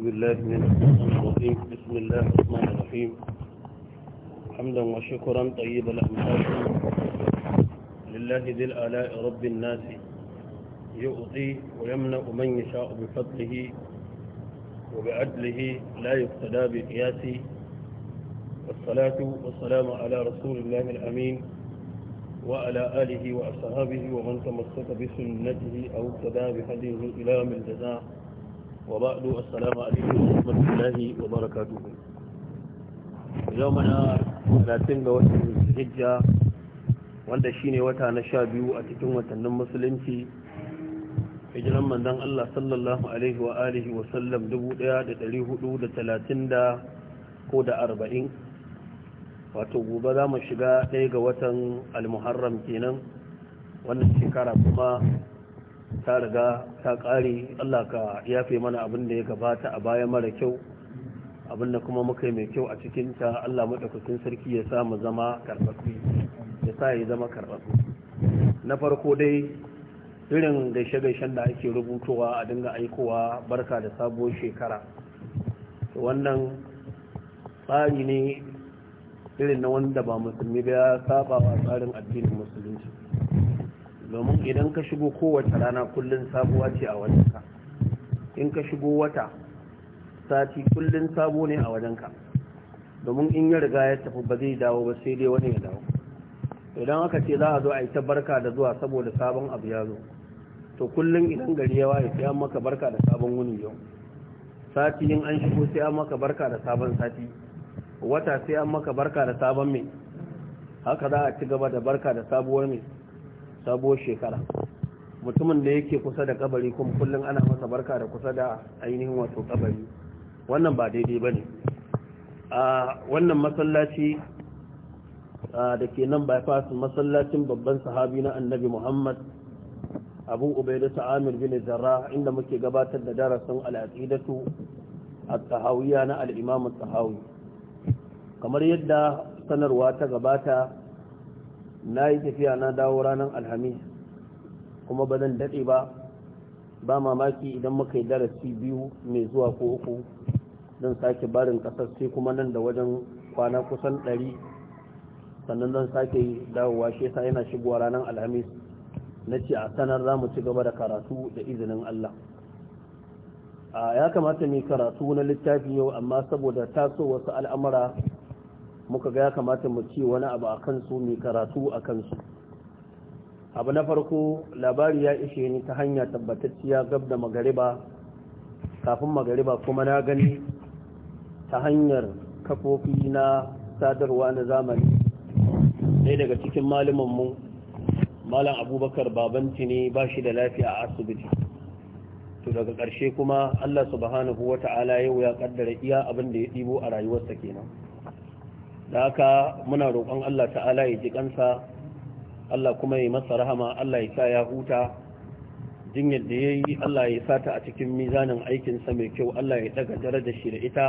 بالله من الرحيم بسم الله الرحمن الرحيم حمدا وشكرا طيب الأمثال لله ذي الآلاء رب الناس يؤطي ويمنع من يشاء بفضله وبعدله لا يقتدى بقياس والصلاة والسلام على رسول الله الأمين وعلى آله وأصحابه ومن تمسك بسنته أو اقتدى بهديه إلى من جزاه وبعد السلام عليكم ورحمة الله وبركاته يومنا 30 ga watan Hijja wanda shine wata na biyu a cikin watannin musulunci hijiran manzon Allah sallallahu alaihi wa alihi wa sallam 1430 da ko da arba'in. wato gobe za mu shiga ɗaya ga watan al kenan wannan shekara kuma ta riga ta ƙari, Allah ka yafe mana abin da ya gabata a baya mara kyau abin da kuma muka yi mai kyau a cikinta Allah maɗaukakin sarki ya sa mu zama karɓaɓɓe ya sa ya zama karɓaɓɓe na farko dai irin gaishe-gaishen da ake rubutowa a dinga aikowa barka da sabuwar shekara wannan tsari ne irin na wanda ba musulmi ba ya saba wa tsarin addinin musulunci domin idan ka shigo kowace rana kullum sabuwa ce a wajenka in ka shigo wata sati kullum sabo ne a wajenka domin in ya riga ya tafi ba zai dawo ba sai dai wani ya dawo idan aka ce za a zo a yi ta barka da zuwa saboda sabon abu ya zo to kullum idan gari ya waye sai an maka barka da sabon wuni yau sati in an shigo sai an maka barka da sabon sati wata sai an maka barka da sabon mai haka za a ci gaba da barka da sabuwar mai sabuwar shekara mutumin da yake kusa da kabari kuma kullum ana masa barka da kusa da ainihin wato kabari wannan ba daidai ba ne wannan masallaci da ke nan bypass masallacin babban sahabi na annabi muhammad abu Ubaidu sa'amir bin zarra inda muke gabatar da darasin al'adidatu a tahawiyya na al-imam tahawi kamar yadda sanarwa ta gabata na yi tafiya na dawo ranar alhamis kuma ba zan daɗe ba ba mamaki idan muka yi darasi biyu mai zuwa ko uku don sake barin ƙasar sai kuma nan da wajen kwana kusan ɗari sannan zan sake dawowa shi yasa yana shigowa ranar alhamis na ce a sanar za mu ci gaba da karatu da izinin Allah ya kamata mai karatu na littafi yau amma saboda taso wasu al'amura muka ga ya kamata mu ci wani abu a kansu mai karatu a kansu abu na farko labari ya ishe ni ta hanya tabbatacciya gab da magariba kafin magariba kuma na gani ta hanyar kafofi na sadarwa na zamani ɗaya daga cikin mu malam abubakar babanci ne ba shi da lafiya a asibiti to daga ƙarshe kuma allah subhanahu wata'ala yau ya ƙaddara iya abin da ya ɗibo a rayuwarsa kenan da haka muna roƙon Allah ta'ala ya ji kansa Allah kuma ya masa rahama Allah ya sa ya huta jinyar da ya yi Allah ya sa ta a cikin mizanin aikinsa mai kyau Allah ya daga darajar shi da ita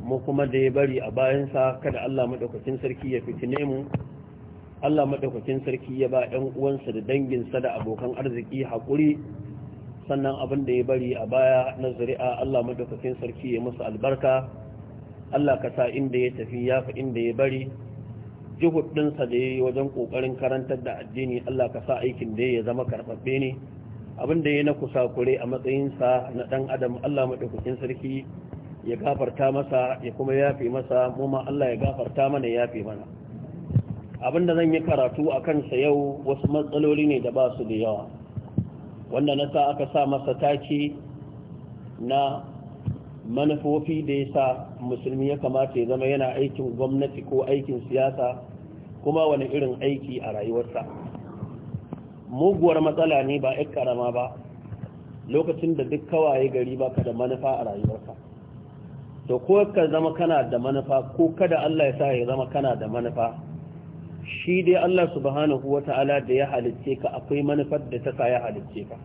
mu kuma da ya bari a bayansa kada Allah madaukakin sarki ya fitine mu Allah madaukakin sarki ya ba ɗan uwansa da danginsa da abokan arziki haƙuri sannan abin da ya bari a baya na zuri'a Allah madaukakin sarki ya musu albarka Allah ka sa inda ya tafi ya fi inda ya bari juhud ɗinsa da ya yi wajen ƙoƙarin karantar da addini Allah ka sa aikin da ya zama karɓaɓɓe ne abin da ya na kusa kure a matsayinsa na ɗan adam Allah maɗaukakin sarki ya gafarta masa ya kuma yafe masa mu ma Allah ya gafarta mana yafe mana abin da zan yi karatu a kansa yau wasu matsaloli ne da ba su da yawa wanda na sa aka sa masa taki na manufofi da ya sa musulmi ya kamata ya zama yana aikin gwamnati ko aikin siyasa kuma wani irin aiki a rayuwarsa muguwar matsala ne ba ya karama ba lokacin da duk kawaye gari ba ka da manufa a rayuwarka to ko ka zama kana da manufa ko kada Allah ya sa ya zama kana da manufa shi dai Allah subhanahu wata'ala da ya halicce ka akwai manufar da ta sa ya halicce ka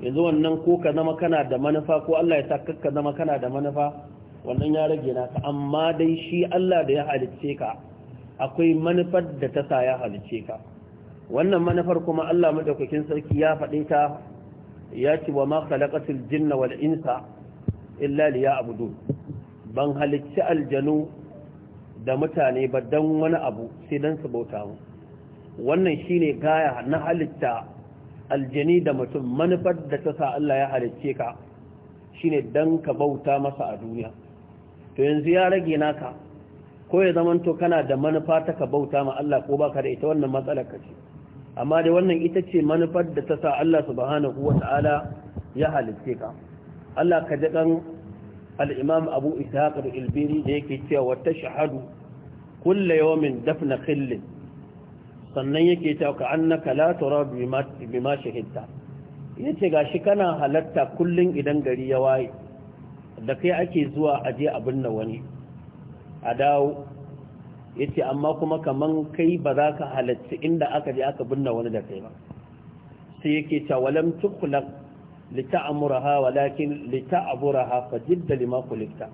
yanzu wannan ko ka zama kana da manufa ko Allah ya sa ka zama kana da manufa wannan ya rage naka amma dai shi Allah da ya halicce ka akwai manufar da ta sa ya halicce ka wannan manufar kuma Allah madaukakin sarki ya faɗe ta ya ci wa ma khalaqatul jinna wal insa illa liya'budun ban halicci aljanu da mutane ba dan wani abu sai dan su bauta mu wannan shine gaya na halitta aljani da mutum manufar da ta sa Allah ya halicce ka shine dan ka bauta masa a duniya to yanzu ya rage naka ko ya zamanto kana da manufa ta ka bauta ma Allah ko baka da ita wannan matsalar ka ce amma da wannan ita ce manufar da ta sa Allah subhanahu wata'ala ya halicce ka Allah ka ji dan al-Imam Abu Ishaq al-Ilbiri da yake cewa wa tashhadu kullu yawmin dafna khillin sannan yake ta ka na la tura bima shahidta yace gashi kana halatta kullum idan gari ya waye da kai ake zuwa aje abin da wani a dawo yace amma kuma kaman kai ba za ka halatta inda aka je aka binne wani da kai ba sai yake ta walam tukhlaq lita'muraha walakin lita'buraha fajidda lima kulikta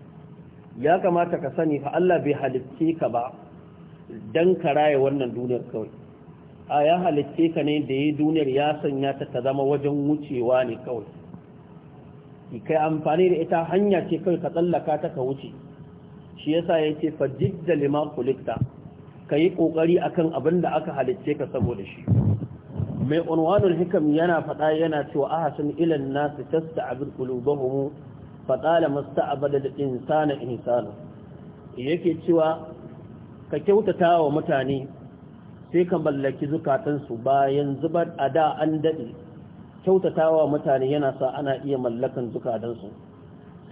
ya kamata ka sani fa Allah bai halitte ka ba dan karaye wannan duniyar kawai a ya halitte ka ne da ya duniyar ya sanya ta ta zama wajen wucewa ne kawai Ki kai amfani da ita hanya ce kawai ka tsallaka ta ka wuce shi yasa ya ce fa jidda lima kulikta ka yi kokari akan abin da aka halicce ka saboda shi mai unwanul hikam yana faɗa yana cewa hasin ilan nasu tasta'abul qulubahum da qala masta'abada da insana insana yake cewa ka kyautata wa mutane sai ka mallaki zukatansu bayan zubar a da an daɗe kyautatawa mutane yana sa ana iya mallakan zukatansu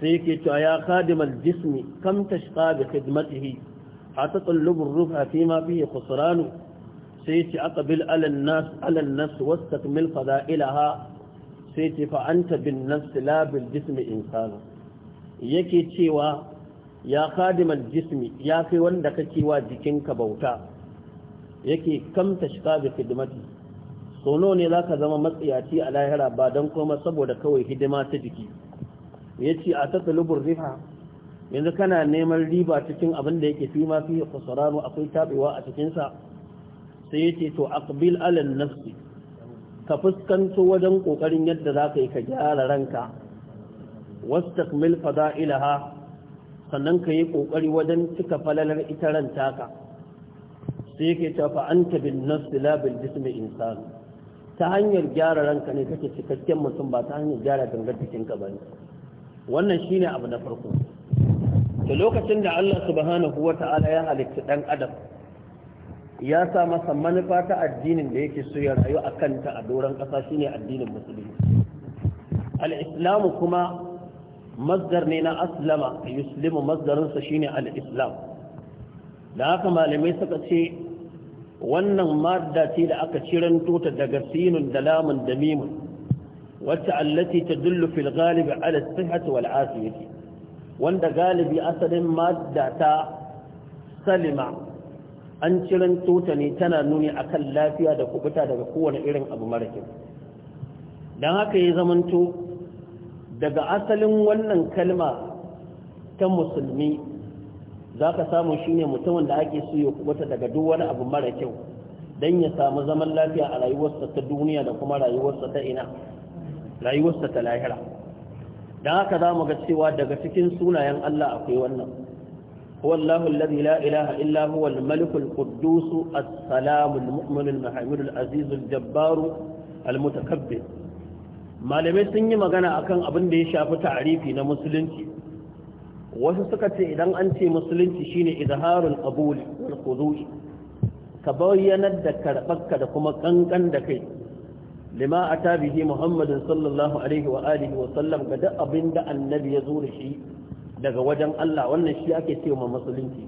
sai ke cewa ya khadimal jismi kam da bi khidmatihi hatta tallubu ruha fi ma fihi khusran sai aka aqbil ala nas ala nas fada fada'ilaha sai yace fa anta bin nasu labin jismi in insanu yake cewa ya khadimal jismi ya fi wanda kake wa jikinka bauta yake kam tashqa bi Sau sono ne za ka zama matsiyaci a lahira ba don koma saboda kawai hidima ta jiki ce, a tatlubur riha yanzu kana neman riba cikin abin da yake fi ma fi khusranu akwai taɓewa a cikinsa. Sai ya ce to akabil alin nafsi ka fuskanto wajen kokarin yadda za ka yi ka gyara ranka fada ilaha sannan ka yi kokari wajen cika falalar ita ranta ka sai yake ta fa anta bin nafsi la bil insan ta hanyar gyara ranka ne kake cikakken mutum ba ta hanyar gyara gangar ba ne. wannan shine abu na farko da lokacin da Allah subhanahu ta'ala ya halitta ɗan adam ya sa masa manufa ta addinin da yake so ya rayu a kanta a doron ƙasa shine addinin musulmi al-islamu kuma mazgar ne na aslama yuslimu masdarinsa shine al-islam da haka malamai suka ce wannan madda ce da aka ciranto ta daga sinun da lamun da mimun wacce allati ta dullu fil galibi ala sihhati wal asiyati wanda galibi asalin madda ta salima an ciran tota ne tana nuni akan lafiya da kubuta daga kowane irin abu mara dan don haka ya zamanto daga asalin wannan kalma ta musulmi za ka samu shi ne mutumin da ake so wata daga duk wani abu mara kyau don ya samu zaman lafiya a rayuwarsa ta duniya da kuma rayuwarsa ta ina rayuwarsa ta lahira don haka za mu ga cewa daga cikin sunayen Allah akwai wannan wallahu alladhi la ilaha illa huwa al-malik al-quddus as-salam al-mu'min al al-aziz al-jabbar al-mutakabbir malamai sun yi magana akan abin da ya shafi ta'arifi na musulunci wasu suka ce idan an ce musulunci shine izharul qabul wal khudu' ka bayyanar da karbarka da kuma kankan da kai lima ata bihi muhammadin sallallahu alaihi wa alihi wa sallam ga duk abin da annabi ya zo shi daga wajen Allah wannan shi ake cewa musulunci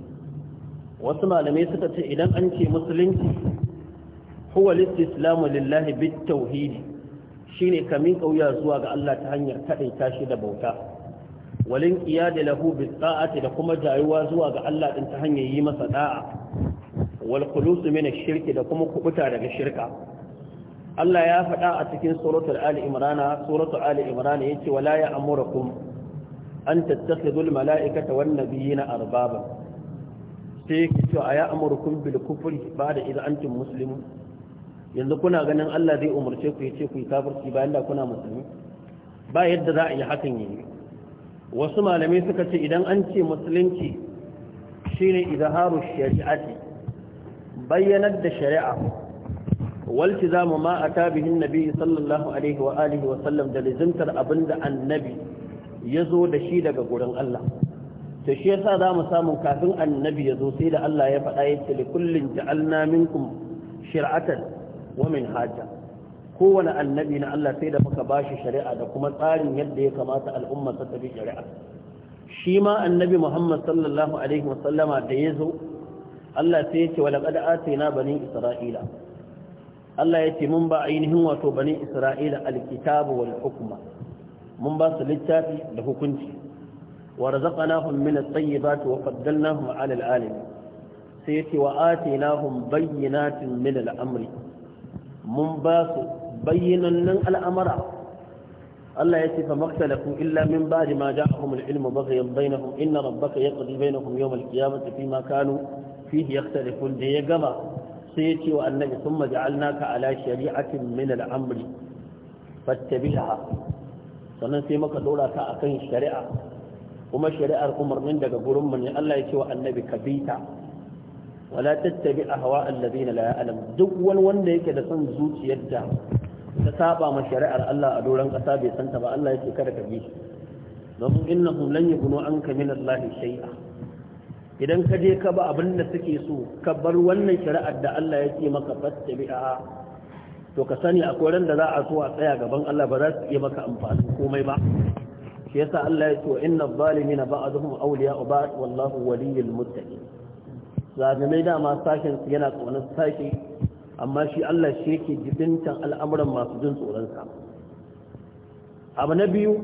wasu malamai suka ce idan an ce musulunci huwa al-islamu lillahi bit tauhid shine kamin kauya zuwa ga Allah ta hanyar kadaita shi da bauta walin iya iyada lahu bi ta'ati da kuma jayuwa zuwa ga Allah din ta hanyar yi masa da'a wal khulus min ash-shirki da kuma kubuta daga shirka Allah ya faɗa a cikin suratul ali imran suratul ali imran yace wala ya'murukum an tattakhidul mala'ikata wan nabiyina arbaba sai yake cewa ya amurkum bil kufri ba'da idza antum muslimun yanzu kuna ganin Allah zai umarce ku yace ku yi kafirci bayan da kuna musulmi ba yadda za a yi hakan yi wasu malamai suka ce idan an ce musulunci ne izharu shari'ati bayyanar da shari'a walci zamu mu ata bihin nabi sallallahu alaihi wa alihi wa da lizimtar abinda annabi da shi daga gurin Allah ta shi za mu samu kafin annabi ya zo sai da Allah ya faɗa yace likullin ja'alna minkum shari'atan wa minhaja kowane annabi na Allah sai da muka bashi shari'a da kuma tsarin yadda ya kamata al'umma ta tafi shari'a shi ma annabi Muhammad sallallahu alaihi wasallama da ya zo Allah sai ya ce wa laqad atayna bani isra'ila Allah ya ce mun ba ainihin wato bani isra'ila alkitabu wal hukma mun ba su littafi da hukunci wa razaqnahum min at-tayyibati wa faddalnahum 'ala al-'alamin sai ya ce wa atainahum bayyinatin min al-amri mun ba su bayyanannan al'amara Allah ya ce fa maktalaku illa min ba'di ma ja'ahum al-ilmu baghyan bainahum inna rabbaka yaqdi bainahum yawm al-qiyamati fima kanu fihi yakhtalifun da ya gama sai ya ce wa annabi thumma ja'alnaka ala shari'atin min al-amri fattabi'ha sannan sai maka dora ka akan shari'a kuma shari'ar umarnin daga gurin mu ne Allah ya ce wa annabi kabita wala tattabi ahwa alladhina la ya'lam duk wani wanda yake da son zuciyar da ta saba ma shari'ar Allah a doron ƙasa bai santa ba Allah ya ce kada ka bi shi domin innahum lan yakunu anka min Allah shay'a idan ka je ka ba abin da suke so ka bar wannan shari'ar da Allah ya ce maka fastabi'a to ka sani akwai ran da za a so a tsaya gaban Allah ba za su iya maka amfani komai ba shi yasa Allah ya ce wa inna zalimin ba'dhum awliya'u ba'd wallahu waliyul muttaqin zalimai dama sashin yana tsawon sashi amma shi Allah shi yake jibintan al'amuran masu jin tsoronsa abu na biyu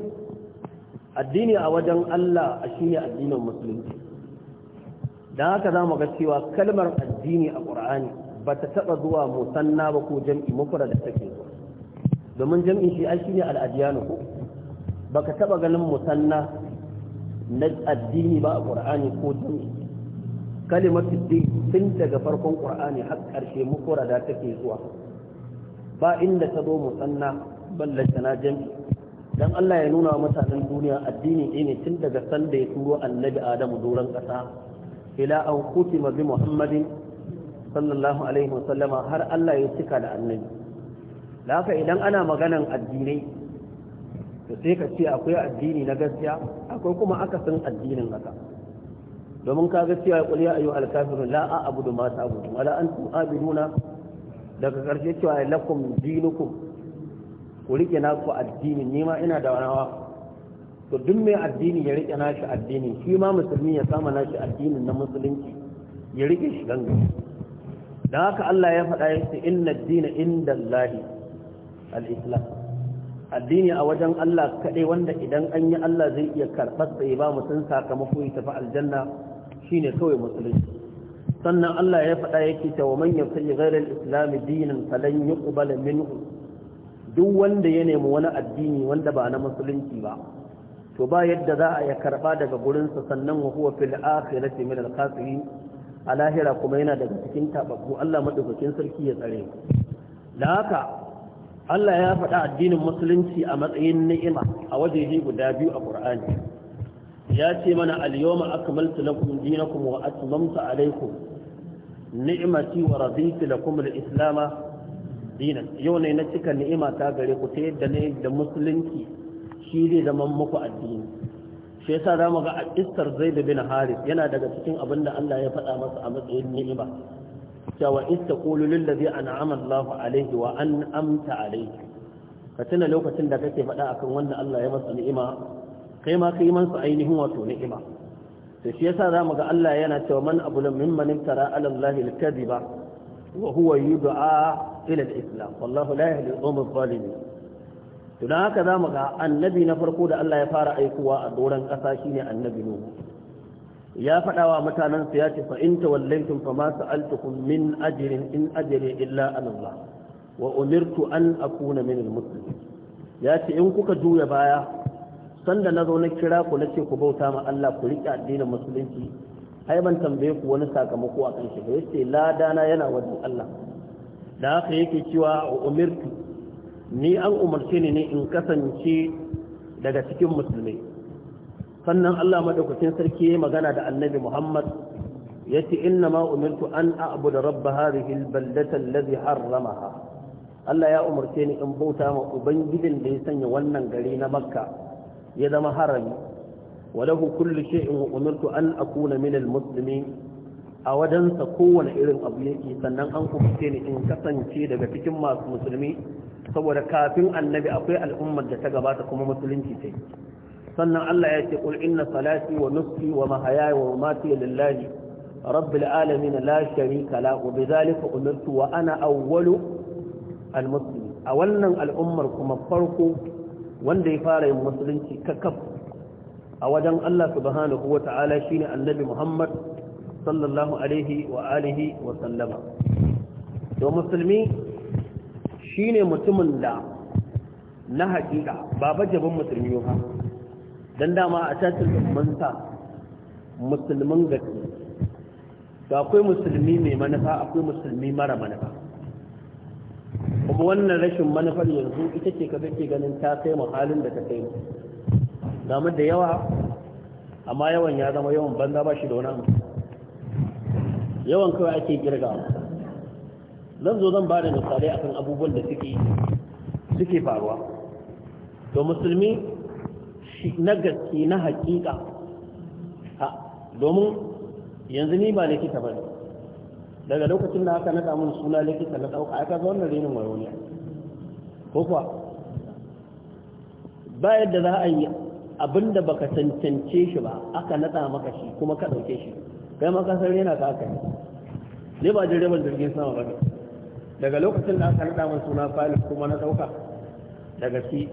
addini a wajen Allah a shi ne addinin musulunci don haka za mu ga cewa kalmar addini a ƙur'ani ba ta taɓa zuwa musanna ba ko jam'i mafura da take zuwa domin jam'i shi a shi ne al'adiyanu ko ba ka taɓa ganin musanna na addini ba a ƙur'ani ko jam'i kalimatu din tun daga farkon qur'ani har ƙarshe mukura da take zuwa ba inda ta zo musanna ballanta na jami dan Allah ya nuna mutanen duniya addini ne tun daga sanda ya turo annabi Adamu doron kasa ila an kutima bi Muhammadin sallallahu alaihi wasallama har Allah ya cika da annabi da haka idan ana maganan addinai to sai ka ce akwai addini na gaskiya akwai kuma akasin addinin haka domin kaga cewa qul ya ayyuhal kafirun la a'budu ma ta'budun wala antum abiduna daga karshe cewa lakum dinukum ku rike naku addini ni ma ina da wanawa to duk mai addini ya rike nashi addini shi ma musulmi ya sama nashi addinin na musulunci ya rike shi gangan da haka Allah ya faɗa ya ce inna dina inda Allahi al-islam addini a wajen Allah kaɗai wanda idan an yi Allah zai iya karɓar da ya ba mutum sakamako ya tafi aljanna shine kawai musulunci sannan Allah ya faɗa yake ta wa manyan yabtaji ghayra islami dinin dinan falan yuqbal duk wanda ya nemi wani addini wanda ba na musulunci ba to ba yadda za a ya karɓa daga gurinsa sannan wa huwa fil akhirati min al-khasirin a lahira kuma yana daga cikin tababbu Allah madaukakin sarki ya tsare da haka Allah ya faɗa addinin musulunci a matsayin ni'ima a wajeje guda biyu a Qur'ani ya ce mana al-yawma akmaltu lakum dinakum wa atmamtu alaykum ni'mati wa raditu lakum al-islam dinan yau ne na cika ni'ima ta gare ku ta yadda ne da musulunci shi zai zama muku addini shi yasa zamu ga a kissar Zaid bin Harith yana daga cikin abin da Allah ya faɗa masa a matsayin ni'ima cewa ista ƙulu lullabi an Lahu alaihi wa an amta alaihi ka tuna lokacin da kake faɗa akan wannan Allah ya masa ni'ima kai ma mansa ainihin wato ni'ima to shi yasa mu ga Allah yana cewa man abul mimman iftara ala Allah al-kadhiba wa huwa yud'a ila al-islam wallahu la yahdi al-qawm adh to dan haka zamu ga annabi na farko da Allah ya fara aikowa a doran ƙasa shine annabi Nuhu ya faɗa wa mutanensa ya ce fa in tawallaytum fa ma sa'altukum min ajrin in ajri illa Allah wa umirtu an akuna min al ya ce in kuka juya baya sanda na zo na kira ku na ce ku bauta ma Allah ku riƙe addinin musulunci ai ban tambaye ku wani sakamako a kan shi ba yace ladana yana wajen Allah da haka yake cewa wa umirtu ni an umarce ni ne in kasance daga cikin musulmai sannan Allah madaukakin sarki ya magana da annabi Muhammad yace inna ma umirtu an a'budu rabb hadhihi albaldata alladhi harramaha Allah ya umarce ni in bauta ma ubangijin da ya sanya wannan gari na Makka ya zama harami walahu kullu shay'in wa umirtu an akuna min a wajensa kowane irin abu yake sannan an umarce ni in kasance daga cikin masu musulmi saboda kafin annabi akwai al'ummar da ta gabata kuma musulunci yi. sannan Allah ya ce qul inna salati wa nusuki wa mahayaya wa mamati lillahi rabbil alamin la sharika la wa bidhalika umirtu wa ana awwalu al muslimin a wannan al'ummar kuma farko wanda ya fara yin musulunci kakaf a wajen Allah subhanahu wa ta'ala shine annabi Muhammad sallallahu alaihi wa alihi wa sallama to musulmi shine mutumin da na hakika ba bajabin musulmi ba dan dama a cacin manta musulman gaske ga akwai musulmi mai manufa akwai musulmi mara manufa kuma wannan rashin manufar yanzu ita ce ka kake ganin ta sai mu da ta kai mu damu da yawa amma yawan ya zama yawan banza ba shi da wani amma yawan kawai ake girga zan zo zan ba da misalai akan abubuwan da suke suke faruwa to musulmi na gaske na haƙiƙa ha domin yanzu ni ba likita ba daga lokacin da aka naɗa mun suna likita na ɗauka aka zo wannan renin waro ne ko kuwa ba yadda za a yi abinda baka tantance shi ba aka naɗa maka shi kuma ka ɗauke shi kai makasar rena ka aka ne ba direban jirgin sama ba daga lokacin da aka naɗa mun suna pilot kuma na ɗauka daga shi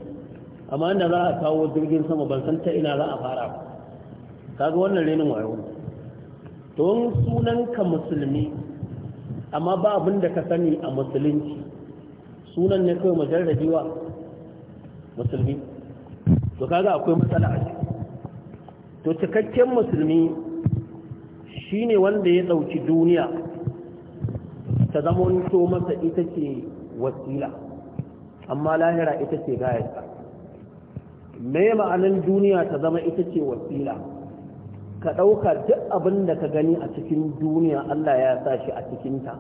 amma inda za a kawo jirgin sama ban san ta ina za a fara ba kaga wannan renin wayo don sunanka musulmi amma ba abin da ka sani a musulunci sunan ne kawai majarrabiwa musulmi to kaga akwai matsala a to cikakken musulmi shine wanda ya dauki duniya ta zama wani to masa ita ce wasila amma lahira ita ce gayarsa me ma'anin duniya ta zama ita ce wasila ka ɗauka duk abin da ka gani a cikin duniya Allah ya sa shi a cikinta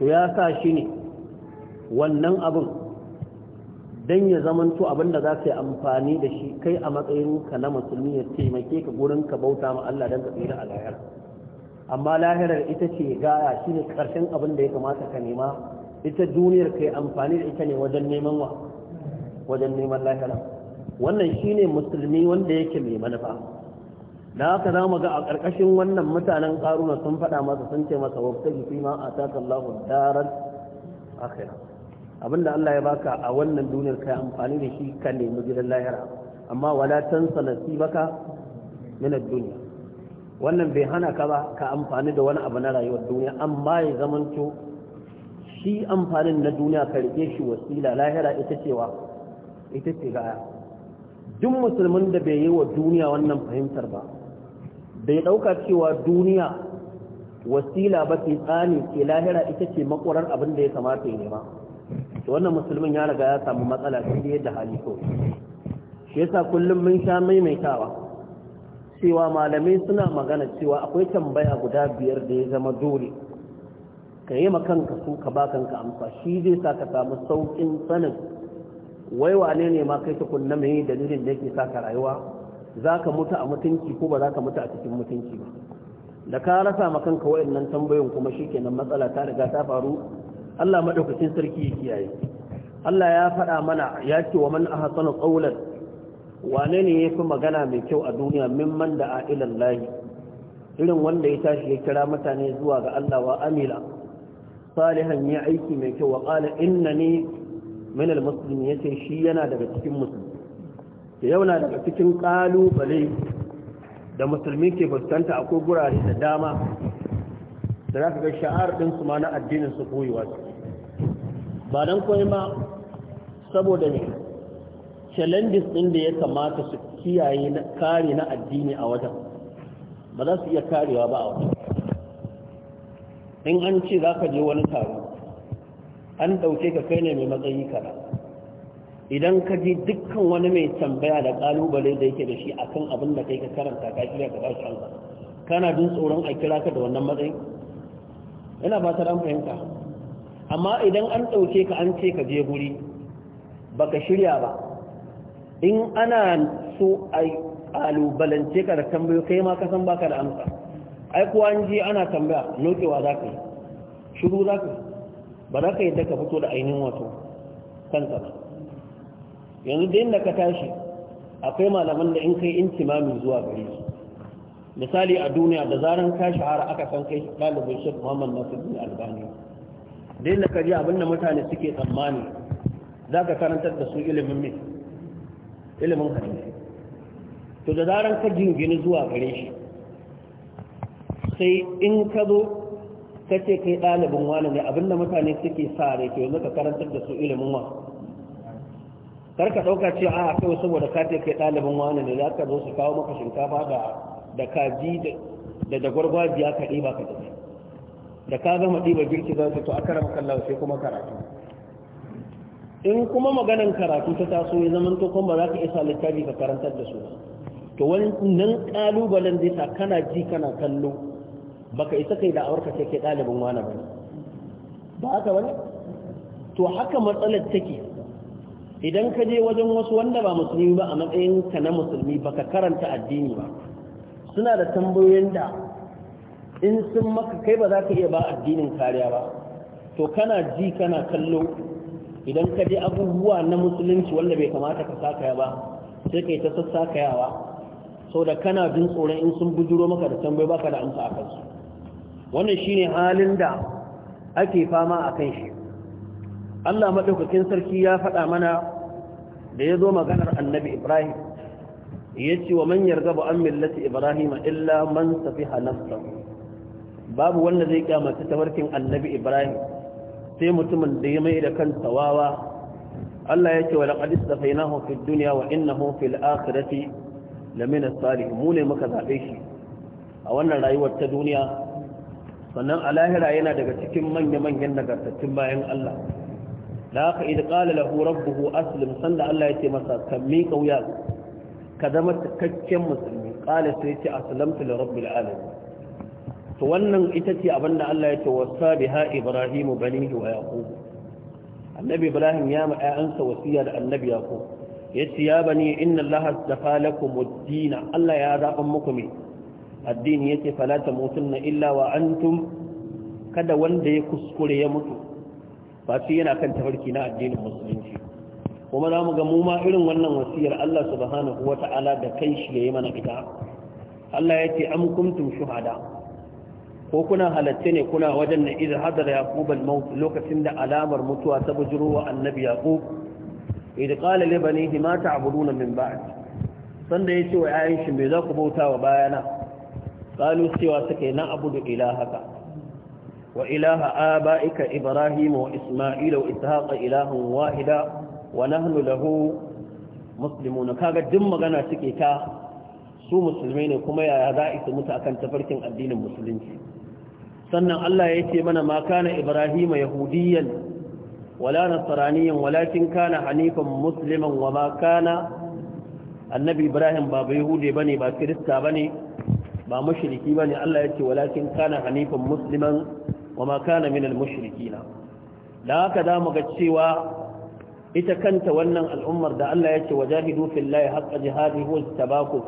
to ya sa shi ne wannan abin don ya zamanto abin da za ka yi amfani da shi kai a matsayin ka na musulmi ya taimake ka gurin ka bauta ma Allah don ka tsira a lahira amma lahirar ita ce gaya shi ne ƙarshen abin da ya kamata ka nema ita duniyar ka yi amfani da ita ne wajen neman wa wajen neman lahira wannan shine musulmi wanda yake mai manufa da haka za mu ga a ƙarƙashin wannan mutanen ƙaruna sun faɗa masa sun ce masa wata jifi ma a taka Allahu darar akira abinda Allah ya baka a wannan duniyar kai amfani da shi ka nemi gidan lahira amma wala tansa baka min duniya wannan bai hana ka ba ka amfani da wani abu na rayuwar duniya amma ya zamanto shi amfanin na duniya ka rike shi wasila lahira ita cewa ita ce gaya duk musulmin da bai yi wa duniya wannan fahimtar ba bai ɗauka cewa duniya wasila ba ce tsani ke lahira ita ce makwarar abin da ya kamata ya nema to wannan musulmin ya riga ya samu matsala tun da yadda hali ko shi yasa kullum mun sha maimaitawa cewa malamai suna magana cewa akwai tambaya guda biyar da ya zama dole ka yi kanka su ka ba kanka amsa shi zai sa ka samu saukin sanin wai wane ne ma kai tukun na mai dalilin da yake saka rayuwa za ka mutu a mutunci ko ba za ka mutu a cikin mutunci ba da ka rasa ma kanka waɗannan tambayoyin kuma shikenan matsala ta riga ta faru Allah maɗaukacin sarki ya kiyaye Allah ya faɗa mana ya ce wa man ahsanu qawlan wane ne yafi magana mai kyau a duniya mimman da a lahi? irin wanda ya tashi ya kira mutane zuwa ga Allah wa amila salihan ya aiki mai kyau wa qala innani من المسلم muslim yace shi yana daga cikin musulmi da yau na daga cikin kalubale da musulmi ke fuskanta akwai gurare da dama da za ka ga sha'ar din su ma na addinin su koyewa su ba dan koyi ma saboda ne challenges din da ya kamata su kiyaye na kare na addini a wajen ba za su iya karewa ba a wajen in an ce za ka je wani taro an ɗauke ka kai ne mai matsayi kara idan ka ji dukkan wani mai tambaya da ƙalubale da yake da shi a kan abin da kai ka karanta ka kira ka bashi an kana jin tsoron a kira ka da wannan matsayi Yana ba ta ran fahimta amma idan an ɗauke ka an ce ka je guri baka shirya ba in ana so a ƙalubalance ka da tambayo kai ma kasan baka da amsa ai kuwa an je ana tambaya nokewa za ka yi shiru za ka yi ba za ka yadda ka fito da ainihin wato kan ba yanzu da yadda ka tashi akwai malaman da in kai intimami zuwa gare su misali a duniya da zaran ka shahara aka san kai ɗalibin shi muhammad bin albani da yadda ka ji abin da mutane suke tsammani za ka karantar da su ilimin mai ilimin hadisi to da zaran ka jingini zuwa gare shi sai in ka zo ka ce kai ɗalibin wani ne abinda mutane suke sa rai ke yanzu ka karantar da su ilimin wa kar ka ɗauka ce a kai saboda ka ce kai ɗalibin wani ne za ka zo su kawo maka shinkafa da da kaji da da gwargwajiya ka ɗiba ka tafi da ka gama ɗiba girki za to a karama kallawa sai kuma karatu in kuma maganan karatu ta taso ya zama to kuma za ka isa littafi ka karantar da su to wani nan ƙalubalen zai sa kana ji kana kallo baka isa kai da awarka sai kai ɗalibin wani ba ba haka bane to haka matsalar take idan ka je wajen wasu wanda ba musulmi ba a matsayin ka na musulmi baka karanta addini ba suna da tambayoyin da in sun maka kai ba za ka iya ba addinin kariya ba to kana ji kana kallo idan ka je abubuwa na musulunci wanda bai kamata ka saka ba sai kai ta kayawa sau da kana bin tsoron in sun bujuro maka da tambayi baka da amsa a kansu wannan shine halin da ake fama a kan shi Allah maɗaukakin sarki ya faɗa mana da ya zo maganar annabi Ibrahim ya ce wa man an millati Ibrahim illa man tafi nafsa babu wanda zai kyamata tafarkin annabi Ibrahim sai mutumin da ya mai da kansa wawa Allah ya ce wa laqad istafainahu fid duniya wa innahu fil akhirati lamina salih mu ne muka zaɓe shi a wannan rayuwar ta duniya sannan a lahira yana daga cikin manya-manyan nagartattun bayan Allah da haka idan qala lahu rabbuhu aslim sanda Allah ya ce masa ka mi ka zama cikakken musulmi qala sai ya ce aslamtu da rabbil to wannan ita ce abinda Allah ya ce wasa biha ibrahimu banihi wa yaqub annabi ibrahim ya ma ayansa wasiya da annabi Ya yace ya bani inna allaha da lakum ad Allah ya zaban muku me addini yake falata tamutunna illa wa antum kada wanda ya kuskure ya mutu ba shi yana kan tafarki na addinin musulunci kuma za mu ga mu ma irin wannan wasiyar Allah subhanahu Ta'ala da kai shi yayi mana ita Allah yake am kuntum shuhada ko kuna halatte ne kuna wajen na idh hadar yaqub al-maut lokacin da alamar mutuwa ta bujuro wa annabi yaqub idh qala li banihi ma ta'buduna min ba'd sanda yace wa ayyin shi me za ku bauta wa bayana qalu cewa suka na abudu ilahaka wa ilaha abaika ibrahim wa isma'ila wa ishaq ilahan wahida wa nahnu lahu duk magana suke ta su musulmai ne kuma yaya za a isa mutu akan tafarkin addinin musulunci sannan Allah ya ce mana ma kana ibrahim yahudiyan wala nasraniyan walakin kana hanifan musliman wa ma kana annabi ibrahim ba bai hude ba ne ba kirista ba ne ba mushriki bane Allah ya ce walakin kana hanifan musliman wama kana minal na? da haka za mu ga cewa ita kanta wannan al'ummar da Allah ya ce wajahidu fillahi haqqa jihadi huwa tabaku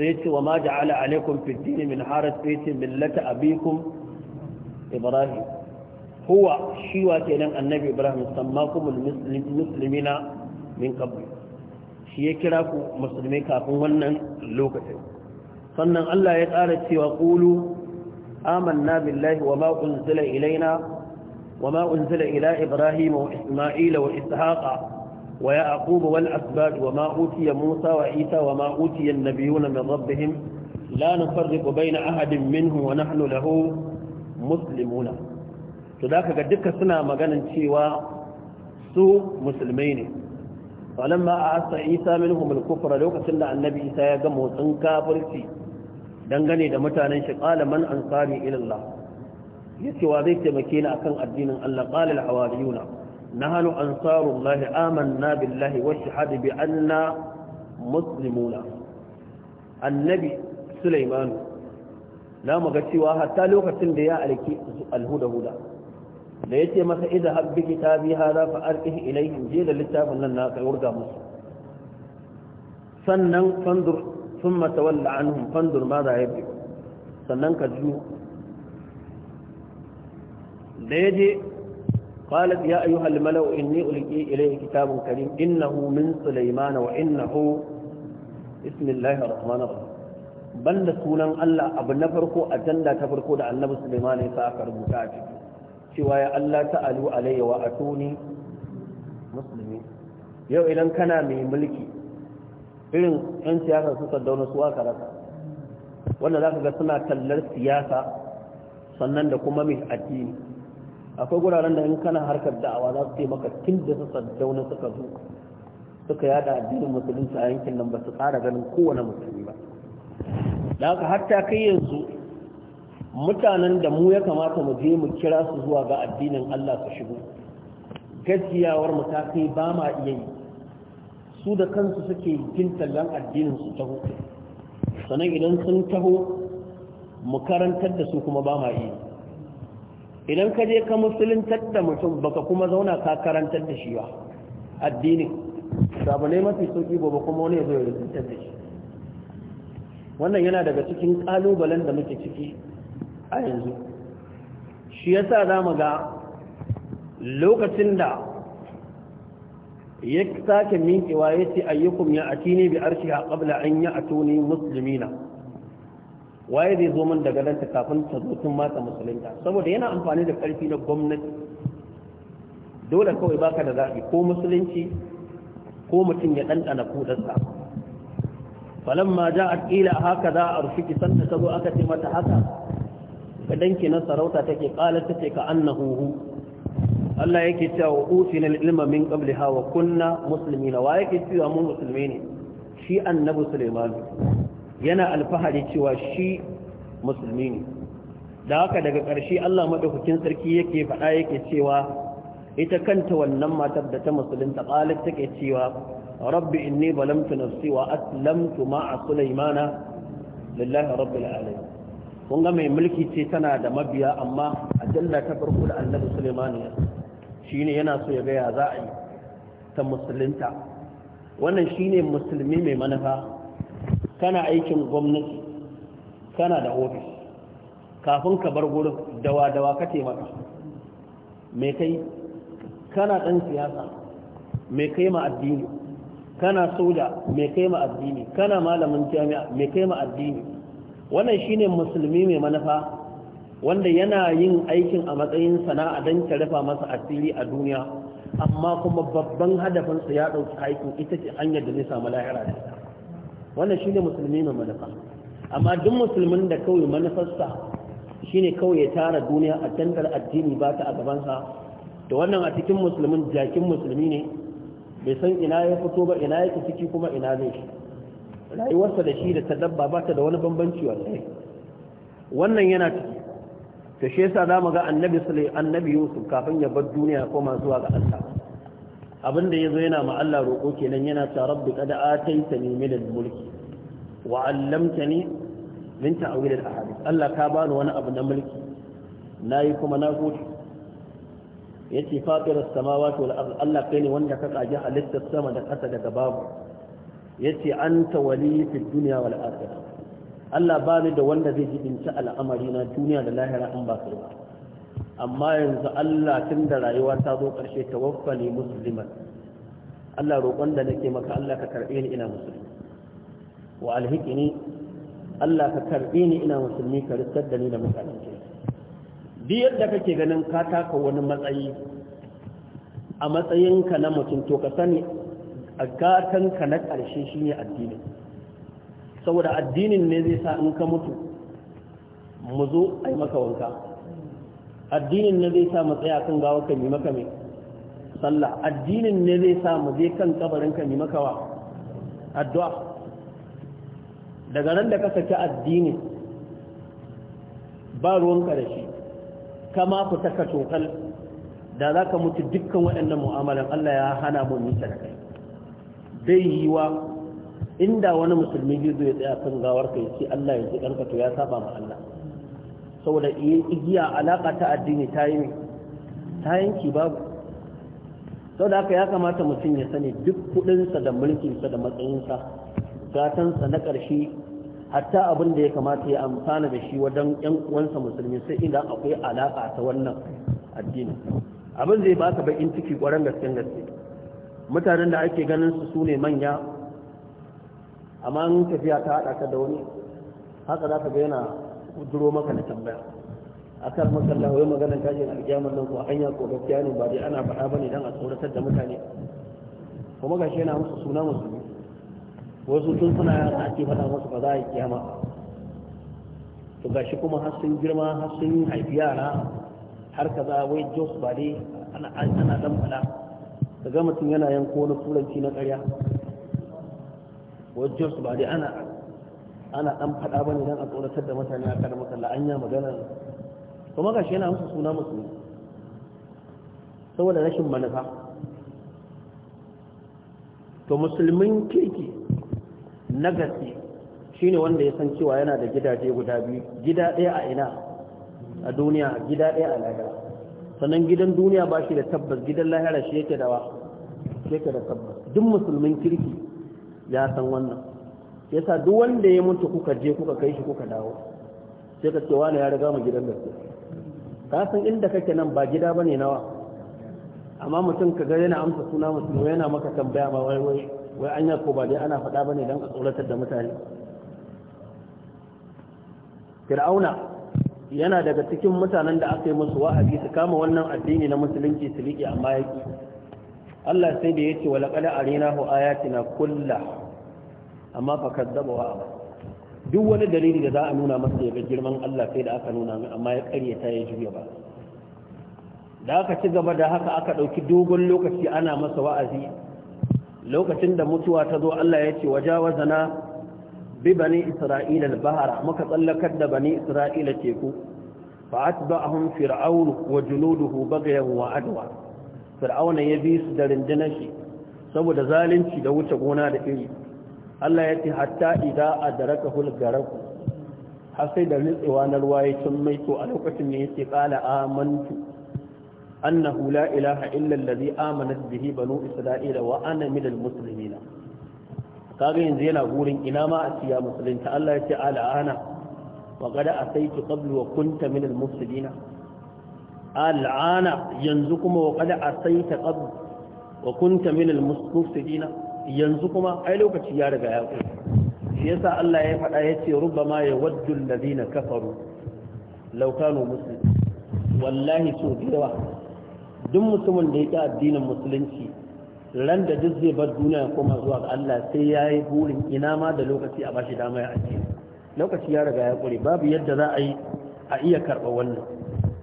sai ce wa ma ja'ala alaikum fid din min haraj baiti millata abikum ibrahim huwa shi wa kenan annabi ibrahim sammakum muslimina min qabl shi ya kira ku musulmai kafin wannan lokacin sannan Allah ya ƙara cewa qulu amanna billahi wa ma unzila ilaina wa ma unzila ila ibrahim wa isma'ila wa ishaqa wa yaqub wal asbab wa ma utiya musa wa isa wa ma utiya an-nabiyuna min rabbihim la nufarriqu bayna ahadin minhum wa nahnu lahu musulmuna to da kaga duka suna maganin cewa su musulmai ne a ahassa isa minhum al-kufra lokacin da annabi isa ya ga motsin kafirci dangane da mutanen shi qala man ansari ila allah yace wa zai taimake ni akan addinin allah qala al-hawariyuna nahnu ansarullahi amanna billahi wa shahadu bi anna muslimuna annabi sulaimani na muga cewa hatta lokacin da ya alki alhuda huda da ya masa idza habbi kitabi hada fa arqih ilayhim je da littafin nan na kai wurga musu sannan fandur thumma tawalla anhum fandur ma za sannan ka ju da yaje قالت يا أيها الملأ إني ألقي إليه كتاب كريم إنه من سليمان وإنه بسم الله الرحمن الرحيم بل سونا الله أبو نفركو أجندا تفركو دع النبي سليمان يساك ربك أجل cewa ya Allah ta'alu alayya wa atuni musulmi yau idan kana mai mulki irin 'yan siyasa su saddauna su aka rasa wanda za ka ga suna tallar siyasa sannan da kuma mai addini akwai guraren da in kana harkar da'awa za su ce maka tun da su saddauna suka zo suka yada addinin musulunci a yankin nan ba su kara ganin kowane musulmi ba da haka hatta kai yanzu mutanen da mu ya kamata mu je mu kira su zuwa ga addinin Allah su shigo gaskiyawar mu ta kai ba ma iya yi su da kansu suke jin tallan addinin su taho sannan idan sun taho mu karantar da su kuma ba ma iya idan ka je ka musuluntar da mutum baka kuma zauna ka karantar da shi ba addinin sabu ne mafi sauki gobe kuma wani ya zo ya rubutar da shi wannan yana daga cikin ƙalubalen da muke ciki a yanzu shi yasa za mu ga lokacin da ya sake minkewa ya ce ayyukum ya ati ne bi arshi a ƙabla an yi a tuni musulmina waye zai zo min daga ranta kafin ta zo tun mata musulunta saboda yana amfani da ƙarfi na gwamnati dole kawai baka da zaɓi ko musulunci ko mutum ya ɗanɗana kudarsa falamma a ƙila haka za a rufi kisan ta zo aka ce mata haka kadanki na sarauta take kala take ka annahu Allah yake cewa utina ilma min qabliha kunna muslimina wa yake cewa mun musulmi ne shi annabi Sulaiman yana alfahari cewa shi musulmi ne da haka daga ƙarshe Allah madaukakin sarki yake faɗa yake cewa ita kanta wannan matar da ta musulunta qalat take cewa rabbi inni balamtu nafsi wa aslamtu ma'a sulaimana lillahi rabbil alamin kun ga mai mulki ce tana da mabiya amma ajalla ta farko da annabi sulaimani shine yana so ya gaya za a yi ta musulunta wannan shine musulmi mai manufa kana aikin gwamnati kana da ofis kafin ka bar gurin dawa-dawa ka taimaka mai kai kana dan siyasa mai kai ma addini kana soja mai kai ma addini kana malamin jami'a mai kai ma addini wannan shine musulmi mai manufa wanda yana yin aikin a matsayin sana'a don ta rufa masa asiri a duniya amma kuma babban hadafansa ya ɗauki aikin ita ce hanyar da zai samu lahira da ita wannan shine musulmi mai manufa amma duk musulmin da kawai manufarsa shine kawai ya tara duniya a tantar addini ba ta a gabansa da wannan a cikin musulmin jakin musulmi ne bai san ina ya fito ba ina yake ciki kuma ina zai shi rayuwarsa da shi da ta dabba ba ta da wani bambanci wallahi wannan yana ciki ta shi yasa zamu ga annabi sulai annabi yusuf kafin ya bar duniya koma zuwa ga Allah abin da yazo yana ma Allah roƙo kenan yana ta rabbi qad ataitani min al-mulki wa 'allamtani min ta'wil al-ahadith Allah ka bani wani abu na mulki nayi kuma na gode yace fatir as-samawati wal ard Allah kai ne wanda ka kaji halittar sama da ƙasa daga babu yace anta wali fi dunya wal akhirah Allah ba ni da wanda zai jibinci al'amari na duniya da lahira an ba kai ba amma yanzu Allah tun da rayuwa ta zo karshe tawaffani musliman Allah roƙon da nake maka Allah ka karbe ni ina musulmi wa alhiqni Allah ka karbe ni ina musulmi ka rikar da ni da mutanen duk yadda kake ganin ka taka wani matsayi a matsayinka na mutum to ka sani a gatanka na ƙarshe shine addinin saboda addinin ne zai sa in ka mutu mu zo a yi maka wanka addinin ne zai sa mu tsaya kan gawa ka yi maka mai sallah addinin ne zai sa mu je kan kabarin ka yi maka wa addu'a daga nan da ka saki addinin ba ruwan ƙarshe kama ku taka tokal da za ka mutu dukkan waɗannan mu'amalan Allah ya hana mu nisa da kai Zai yi wa inda wani musulmi zai ya tsaya kan gawar ka ya Allah ya ji ɗanka to ya saba ma Allah saboda igiya alaƙa ta addini ta yi ta yanki babu saboda haka ya kamata mutum ya sani duk kuɗinsa da sa da matsayin matsayinsa gatansa na karshe hatta abin da ya kamata ya amfana da shi wajen yan uwansa musulmi sai idan akwai alaka ta wannan addini abin zai baka bakin ciki kwaran gaske gaske mutanen da ake ganin su su ne manya amma in tafiya ta haɗa ka da wani haka za ka ga yana duro maka na tambaya akan masallah wai maganar na alkiyamar nan ko hanya ko gaskiya ne ba dai ana faɗa bane dan a tsoratar da mutane kuma gashi yana musu suna musu wasu tun suna yara ake faɗa musu ba za a yi kiyama to gashi kuma har sun girma har sun haifi yara har kaza wai jos ba dai ana ana dan faɗa ka ga mutum yana yanko na turanci na ƙarya wajen su ba dai ana ana an faɗa bane dan a tsoratar da mutane a kan makalla an ya magana kuma gashi yana musu suna musu saboda rashin manufa to musulmin kirki na gaske shine wanda ya san cewa yana da gidaje guda biyu gida ɗaya a ina a duniya gida ɗaya a lahira sannan gidan duniya ba shi da tabbas gidan lahira shi yake dawa ke ka da tabbas duk musulmin kirki ya san wannan yasa duk wanda ya mutu kuka je kuka kai shi kuka dawo sai ka ce wani ya riga mu gidan gaske ka san inda kake nan ba gida bane nawa amma mutum ka ga yana amsa suna musulmi yana maka tambaya ba wai wai wai anya ko ba dai ana faɗa bane dan a tsoratar da mutane fir'auna yana daga cikin mutanen da aka yi musu wa'azi su kama wannan addini na musulunci su liƙe amma yake. Allah sai da ya yace wala qad arinahu ayatina kulla amma fa kadzaba wa aba duk wani dalili da za a nuna masa ya ga girman Allah sai da aka nuna mai amma ya karyata ya juya ba da aka ci gaba da haka aka ɗauki dogon lokaci ana masa wa'azi lokacin da mutuwa ta zo Allah ya ce wajawazana bi bani isra'ila al-bahar muka tsallakar da bani isra'ila teku fa atba'ahum fir'aun wa junuduhu baghyan wa adwa fir'auna ya bi su da rundunar shi saboda zalunci da wuce gona da iri Allah ya ce hatta idza adraka hul garaku har sai da ritsewa na ruwa ya cin mai to a lokacin ne yake kala amantu annahu la ilaha illa allazi amanat bihi banu isra'ila wa ana minal muslimin kaga yanzu yana gurin ina ma a ciya musulunta Allah ya ce ala ana wa qad asaitu qablu wa kunta minal muslimin al'ana yanzu kuma wa kada a sai ta ƙabu wa kunta minal mustufidina yanzu kuma ai lokaci ya riga ya ƙuri shi sa Allah ya faɗa ya ce ma ya waddu alladhina kafaru law kanu muslimin wallahi so da yawa duk mutumin da ya ƙi addinin musulunci ran da duk zai bar duniya koma zuwa ga Allah sai ya yi burin ina ma da lokaci a bashi dama ya ajiye lokaci ya riga ya ƙuri, babu yadda za a yi a iya karɓa wannan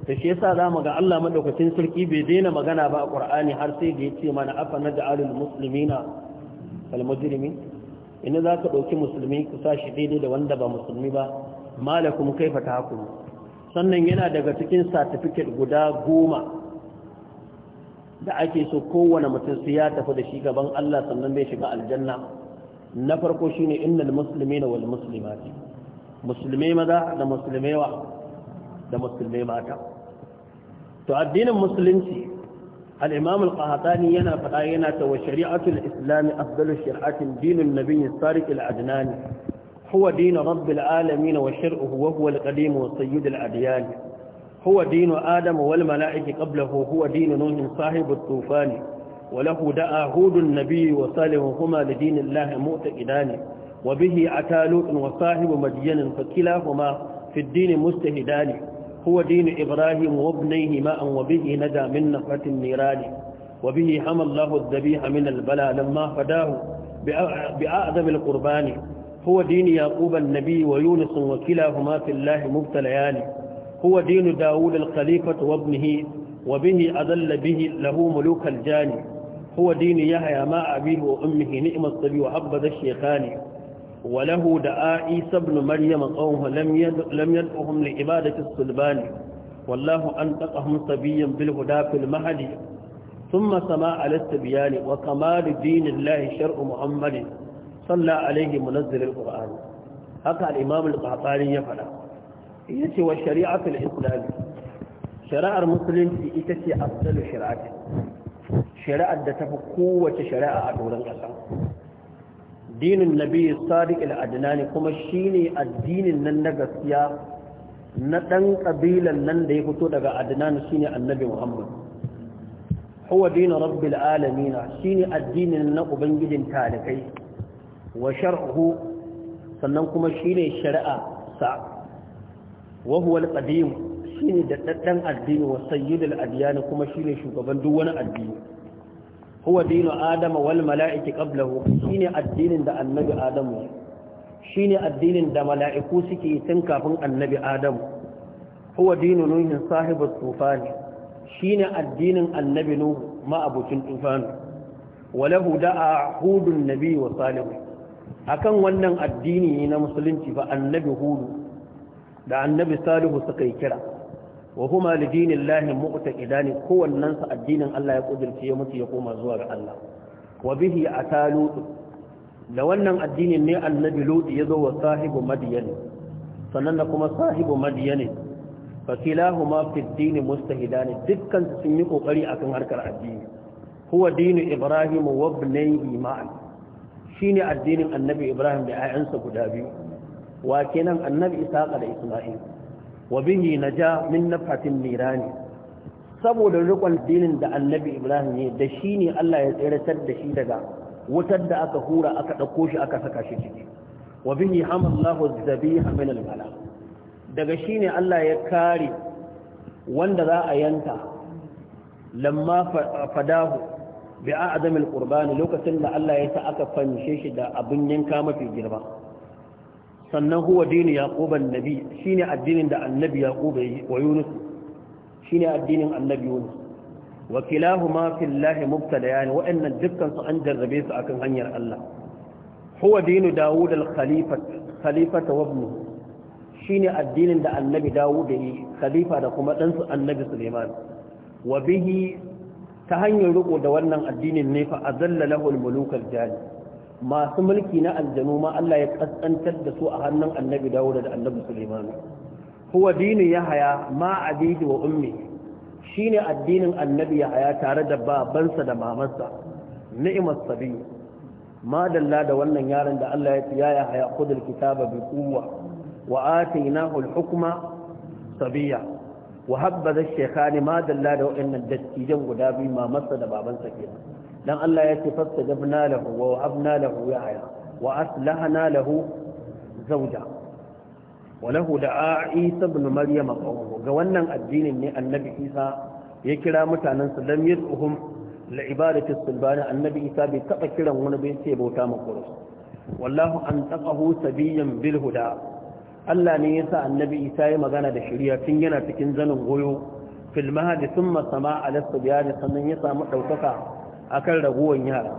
da shi yasa za mu ga Allah madaukakin sarki bai daina magana ba a Qur'ani har sai da ya ce mana afa na da'alul muslimina wal mujrimin inna za ka ɗauki musulmi ku sashi shi daidai da wanda ba musulmi ba malakum kaifa tahkum sannan yana daga cikin certificate guda goma da ake so kowane mutum sai ya tafi da shi gaban Allah sannan bai shiga aljanna na farko shine innal muslimina wal muslimati musulmai maza da musulmai wa da musulmai mata to addinin musulunci al-imam al-qahtani yana faɗa yana ta wa shari'atul islam afdalu shari'atin dinun nabiy sariq al-adnan huwa din rabbil alamin wa shar'uhu wa huwa al-qadim wa sayyid al-adyan huwa din adam wal mala'ikati qablahu huwa din nuh sahib at-tufan وله دعا هود النبي وصالح هما لدين الله مؤتقدان وبه عتالوت وصاحب مدين فكلاهما في الدين مستهدان هو دين إبراهيم وابنيه ماء وبه ندى من نفرة النيران وبه حمى الله الذبيح من البلاء لما فداه بأعظم القربان هو دين يعقوب النبي ويونس وكلاهما في الله مبتليان هو دين داود الخليفة وابنه وبه أذل به له ملوك الجاني هو دين يحيى ما أبيه وأمه نئم الصبي وحبذ الشيخان وله دعا عيسى ابن مريم قومه لم لم يدعهم لعبادة الصلبان والله أنطقهم صبيا بالهدى في المهد ثم سماء على السبيان وكمال دين الله شرع محمد صلى عليه منزل القرآن هكا الإمام القحطاني يفعل يتي والشريعة الإسلام شرع المسلم في إتسي أفضل شرعته شرع الدتف قوة شرع أدولا الأسلام dinin nabi sadiq al-adnani kuma shine addinin nan na gaskiya na dan kabilan nan da ya fito daga adnan shine annabi muhammad huwa din rabbil alamin shine addinin na ubangijin talikai wa shar'uhu sannan kuma shine shari'a sa wa huwa al-qadim shine daddan addini wa sayyidul adyan kuma shine shugaban duk wani addini huwa dinu adama wal mala'iki qablahu shine addinin da annabi adamu shine addinin da mala'iku suke tun kafin annabi adamu huwa dinu nuhin sahibut tufani shine addinin annabi nuhu ma'abucin tufani walahu da'a hudun nabi wa salihu akan wannan addini na musulunci fa annabi hudu da annabi salihu suka yi kira wa huma li dinillahi mu'taqidani kowannen su addinin Allah ya kudirce ya mutu ya koma zuwa ga Allah wa bihi atalu da wannan addinin ne annabi lut ya zo wa sahibu madyan sannan da kuma sahibu madyan fa kilahuma fi ad mustahidani dukkan sun yi kokari akan harkar addini huwa dinu ibrahim wa ibnihi ma'an shine addinin annabi ibrahim da 'ya'yansa guda biyu wa kenan annabi isaqa da isma'il wa bihi ja min nafatin nirani saboda rikon dinin da annabi ibrahim ne da shi ne allah ya tsiratar da shi daga wutar da aka hura aka ɗauko shi aka saka shi ciki wa bihi hamallahu zabiha min al-bala daga shi ne allah ya kare wanda za a yanka lamma fadahu bi a'zamil qurbani lokacin da allah ya sa aka fanshe shi da abin yanka mafi girma sannan huwa dini yaquban nabi shine addinin da annabi yaqub yi wa yunus shine addinin annabi yunus wa kilahuma fillahi mubtadayan wa inna dukkan su an jarrabe su akan hanyar Allah huwa dinu daud al khalifa khalifata wa ibnu shine addinin da annabi daud yi khalifa da kuma dan su annabi suleiman wa bihi ta hanyar riko da wannan addinin ne fa azalla lahu al muluk al jali masu mulki na aljanu ma Allah ya kaskantar da su a hannun annabi Dawuda da annabi Sulaiman huwa dini Yahaya ma abihi wa ummi shine addinin annabi Yahaya tare da babansa da mamansa ni'mas sabi ma dalla da wannan yaron da Allah ya ce ya Yahaya khudul kitaba bi quwwa wa atainahu al-hukma sabiya wa habba da shekani ma dalla da wa'annan dattijan guda biyu mamansa da babansa kenan dan Allah ya ce fastajabna lahu wa wa'abna lahu yahya wa aslahna lahu zawja wa lahu da'a isa ibn maryam qawmuhu ga wannan addinin ne annabi isa ya kira mutanen su lam yad'uhum la ibadati sulbani annabi isa bai taba kiran wani bai ce bauta ma kurus wallahu an taqahu sabiyan bil huda Allah ne yasa annabi isa ya magana da shari'a tun yana cikin zanin goyo fil mahdi thumma sama'a lis sannan ya samu daukaka akan ragowar yara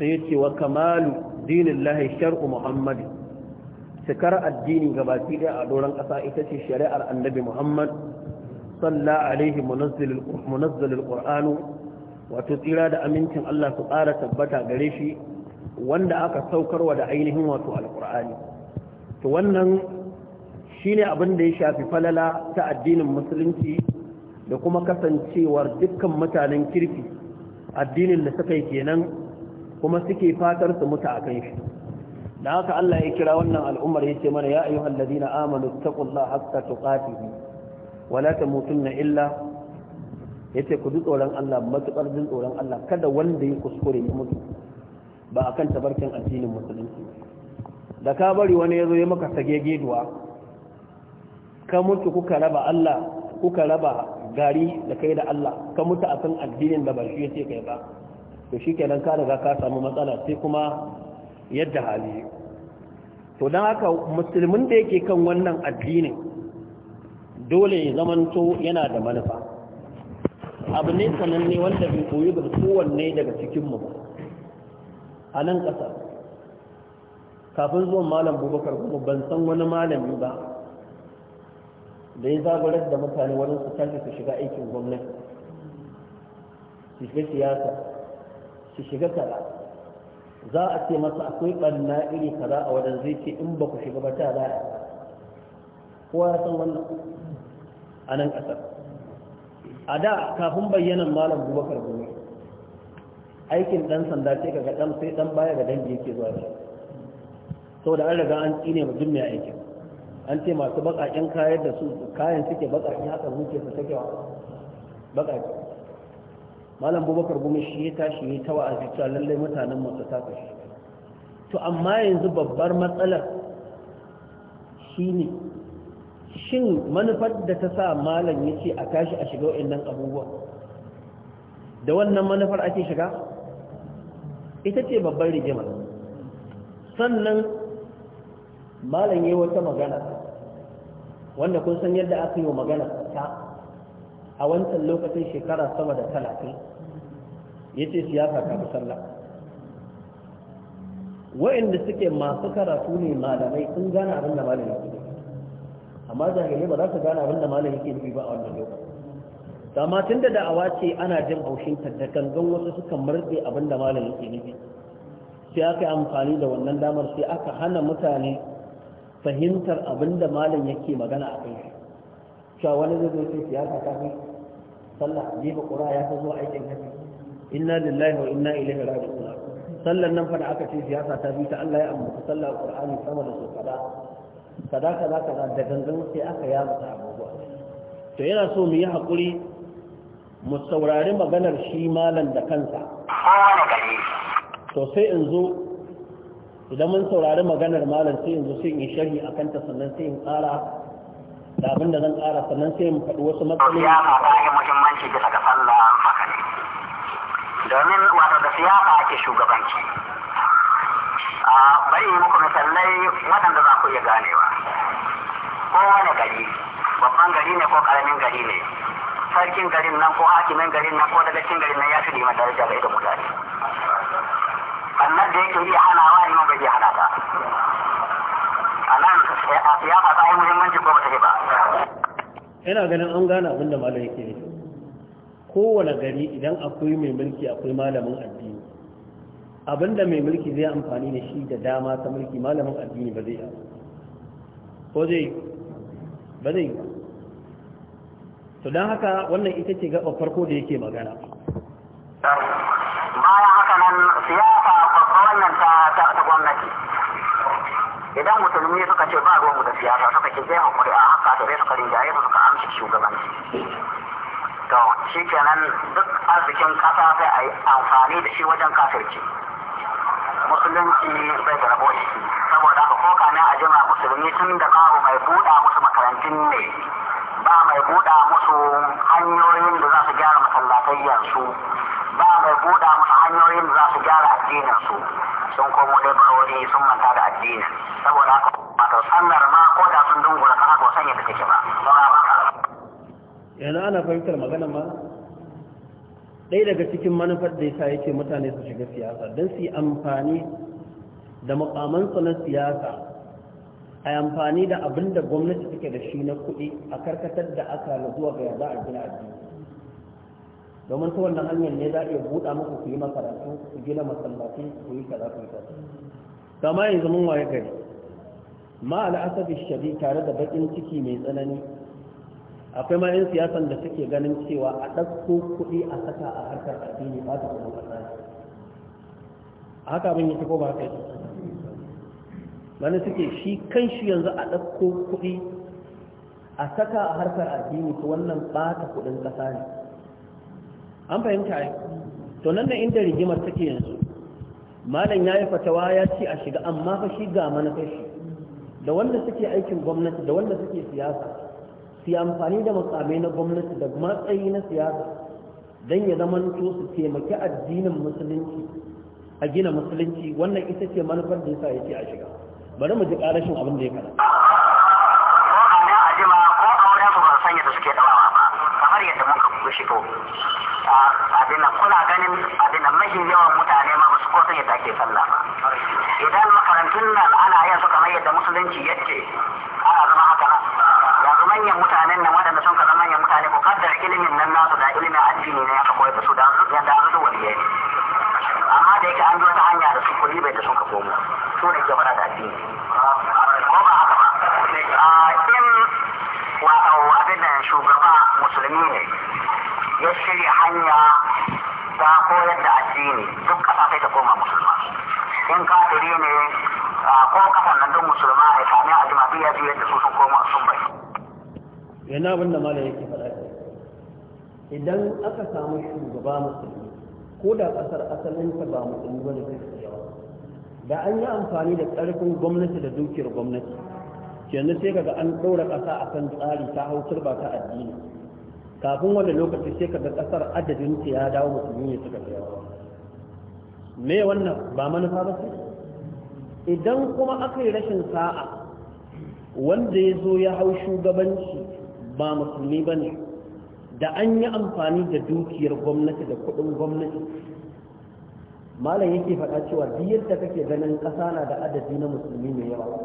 sai yace wa kamalu dinillahi shar'u muhammad cikar addini gabaki daya a doron ƙasa ita ce shari'ar annabi muhammad sallallahu alaihi munazzalul qur'anu wato tsira da amincin Allah su ƙara tabbata gare shi wanda aka saukarwa da ainihin wato alqur'ani to wannan shine abin da ya shafi falala ta addinin musulunci da kuma kasancewar dukkan mutanen kirki addinin da suka yi kenan kuma suke fatar su mutu a kan shi da haka Allah ya kira wannan al'ummar ya ce mana ya ayyuhal ladina amanu taqullaha haqqa tuqatih wa la tamutunna illa yace ku ji tsoron Allah matukar jin tsoron Allah kada wanda ya kuskure ya mutu ba akan tabarkin addinin musulunci da ka bari wani yazo ya maka sage geduwa ka mutu kuka raba Allah kuka raba gari da kai da Allah ka mutu a san addinin da ba shi yace kai ba to shikenan ka riga ka samu matsala sai kuma yadda hali to dan haka musulmin da yake kan wannan addinin dole ya zamanto yana da manufa abu ne sananne wanda bai koyi ga kowanne daga cikin mu a nan kasa, kafin zuwan malam bubakar kuma ban san wani malami ba da ya zaburar da mutane wani su tashi su shiga aikin gwamnati su shiga siyasa su shiga tara za a ce masa akwai ɓanna iri kaza a wajen zai ce in ba ku shiga ba ta za a kowa ya san wannan a nan ƙasar a da kafin bayyanan malam bubakar gumi aikin ɗan sanda ce ga ɗan sai ɗan baya ga dangi yake zuwa shi sau da an riga an tsine mutum mai aikin an ce masu baƙaƙen kayan da su kayan suke baƙaƙe haka muke su take wa baƙaƙe malam bubakar gumi shi ya tashi ya ta a cewa lallai mutanen masu taka shi to amma yanzu babbar matsalar shi ne shin manufar da ta sa malam ya ce a tashi a shiga wa'annan abubuwa da wannan manufar ake shiga ita ce babbar rigimar sannan malam yi wata magana wanda kun san yadda aka yi wa magana ta a wancan lokacin shekara sama da talatin ya ce siyasa ta fi sallah wa'inda suke masu karatu ne malamai sun gane abin da malami ke amma jahilai ba za su gane abin da malami ke nufi ba a wannan lokacin amma tun da da'awa ce ana jin haushin da gangan wasu suka murɗe abin da malami ke nufi sai aka yi amfani da wannan damar sai aka hana mutane fahimtar abin da malam yake magana a kai cewa wani zai zo sai siyasa ta fi. sallah jefa ƙura ya ta zuwa aikin hajji inna lillahi wa inna ilaihi raji'un sallan nan fa da aka ce siyasa ta bi ta Allah ya ambata sallah Qur'ani sama da su kada kada kada da gangan sai aka ya mata abubuwa to yana so mu yi hakuri mu saurari maganar shi malam da kansa to sai in zo idan mun saurari maganar malam sai yanzu sai in sharhi akan ta sannan sai in ƙara da abin da zan ƙara sannan sai in faɗi wasu matsaloli ya ba ta yi muhimmanci bisa ga sallah haka ne domin wato da siyasa ake shugabanci a bari muku misalai waɗanda za ku iya ganewa kowane gari babban gari ne ko ƙaramin gari ne sarkin garin nan ko hakimin garin nan ko daga cikin garin nan ya fi liman daraja ga ita mutane wannan da yake iya hanawa imam bai iya hana ba a nan ya fata yi muhimmanci ko ba ta ba yana ganin an gane abin da malam yake ne kowane gari idan akwai mai mulki akwai malamin addini abinda mai mulki zai amfani da shi da dama ta mulki malamin addini ba zai yi ko zai ba zai yi to don haka wannan ita ce gaba farko da yake magana bayan haka nan siyasa wannan ta ta gwamnati idan musulmi suka ce ba ruwan da siyasa suka ke zai hakuri a haka da suka jaye su suka amshi shugabanci to shi kenan duk arzikin kasa sai a yi amfani da shi wajen kafirci musulunci bai da rabo shi saboda haka ko ne a jima musulmi tun da babu mai buɗa musu makarantun ne ba mai buɗa musu hanyoyin da za su gyara masallatai yanzu ba mai buɗa musu hanyoyin za su gyara addinin su sun komo dai barori sun manta da addini saboda haka wato sannar ma ko da sun dungula kana ko sanya ta take ba yana ana fahimtar magana ma ɗaya daga cikin manufar da yasa yake mutane su shiga siyasa don su yi amfani da mukamansu na siyasa a amfani da abin da gwamnati take da shi na kuɗi a karkatar da aka zuwa ga yaba a gina addini domin ta wannan hanyar ne za a iya buɗa muku ku yi makarantu ku gina masallaci ku yi kaza ku yi kaza kama yanzu mun waye gari ma al'asabi shari tare da bakin ciki mai tsanani akwai ma yan siyasan da suke ganin cewa a ɗauko kuɗi a saka a harkar addini ba ta kuma ƙasa a haka abin yake ko ba haka yake wani suke shi kan shi yanzu a ɗauko kuɗi a saka a harkar addini ko wannan ba ta kuɗin ƙasa ne an fahimta ai to nan da inda rigimar take yanzu malam ya yi fatawa ya ce a shiga amma fa shi ga manufar shi da wanda suke aikin gwamnati da wanda suke siyasa su amfani da makamai na gwamnati da matsayi na siyasa don ya zama su taimaki addinin musulunci a gina musulunci wannan ita ce manufar da yasa ya ce a shiga bari mu ji ƙarashin abin da ya kada mafi yawan mutane ma basu ko yadda ake sallah ba idan makarantun nan ana yin su kamar yadda musulunci yake ana zama haka nan yanzu manyan mutanen nan waɗanda sun kaza manyan mutane ko kaddar ilimin nan nasu da ilimin addini ne aka koyar da su da yadda an zuwa ne amma da yake an bi wata hanya da su kuɗi bai da sun ka komo su ne ke faɗa da addini ko ba haka ba in wato abin da shugaba musulmi ne ya shirya hanya ta koyar da addini duk ƙasa sai ta koma musulma in kafiri ne ko kasan nan duk musulma ya sami a jima'a biya biyar da su sun koma sun bai yana abin da malam yake faɗa idan aka samu shugaba musulmi ko da ƙasar ta ba musulmi ba ne sai yawa da an yi amfani da ƙarfin gwamnati da dukiyar gwamnati kenan sai ga an ɗora ƙasa akan tsari ta hau ba ta addini kafin wanda lokaci sai kaga kasar adadin ta ya dawo musulmi ne suka fi me wannan ba manufa ba idan kuma aka yi rashin sa'a wanda ya zo ya hau shugabanci ba musulmi ba ne da an yi amfani da dukiyar gwamnati da kudin gwamnati malam yake faɗa cewa duk yadda kake ganin ƙasa na da adadi na musulmi mai yawa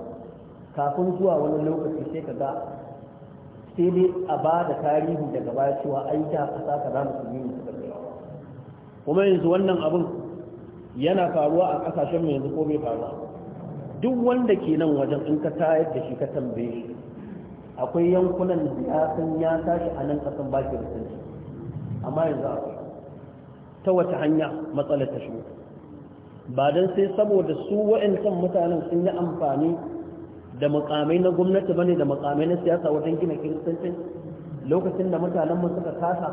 kafin zuwa wani lokaci sai ka ga sai dai a ba da tarihi daga baya cewa ai da kasa mu su ne suka kai kuma yanzu wannan abin yana faruwa a kasashen mu yanzu ko bai faruwa duk wanda ke nan wajen in ka tayar da shi ka tambaye shi akwai yankunan da ya san ya tashi a nan kasan ba shi rikici amma yanzu akwai ta wata hanya matsalar ta shigo ba don sai saboda su wa'ancan mutanen sun yi amfani da makamai na gwamnati bane da makamai na siyasa wajen gina kiristanci lokacin da mutanenmu suka kasa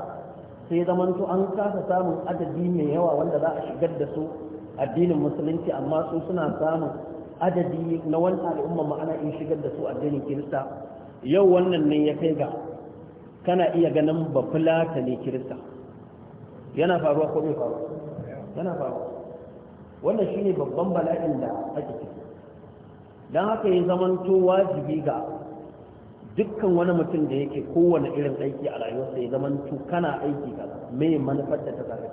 sai zaman to an kasa samun adadi mai yawa wanda za a shigar da su addinin musulunci amma su suna samun adadi na wani al'umma ma'ana in shigar da su addinin kirista yau wannan ne ya kai ga kana iya ganin ba fulata ne kirista yana faruwa ko bai faruwa yana faruwa wannan shine babban bala'in da ake ciki don haka ya to wajibi ga dukkan wani mutum da yake kowane irin aiki a rayuwarsa ya to kana aiki ga mai manufar da ta zaka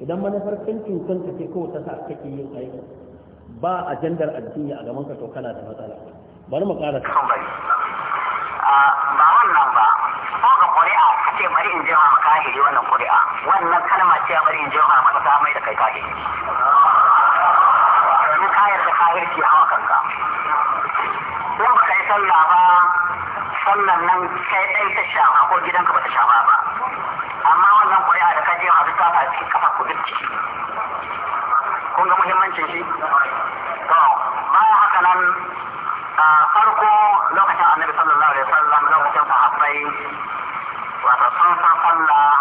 idan manufar kankin kanka ce kawai ta sa kake yin aiki ba ajandar addini a gaban ka to kana da matsala bari mu ƙara ba wannan ba ko ga ƙuri'a ka ce bari in ma maka kahiri wannan ƙuri'a wannan kalma ce bari in ma maka ta mai da kai kahiri ke hawa kanka in ba ka yi sallah ba sallan nan sai ɗai ta shafa ko gidanka ba ta shafa ba amma wannan ƙuri'a da ka je a ta ta ci kafa ku birki kun ga muhimmancin shi to bayan haka nan farko lokacin annabi sallallahu alaihi wasallam lokacin sahabbai wato sun san sallah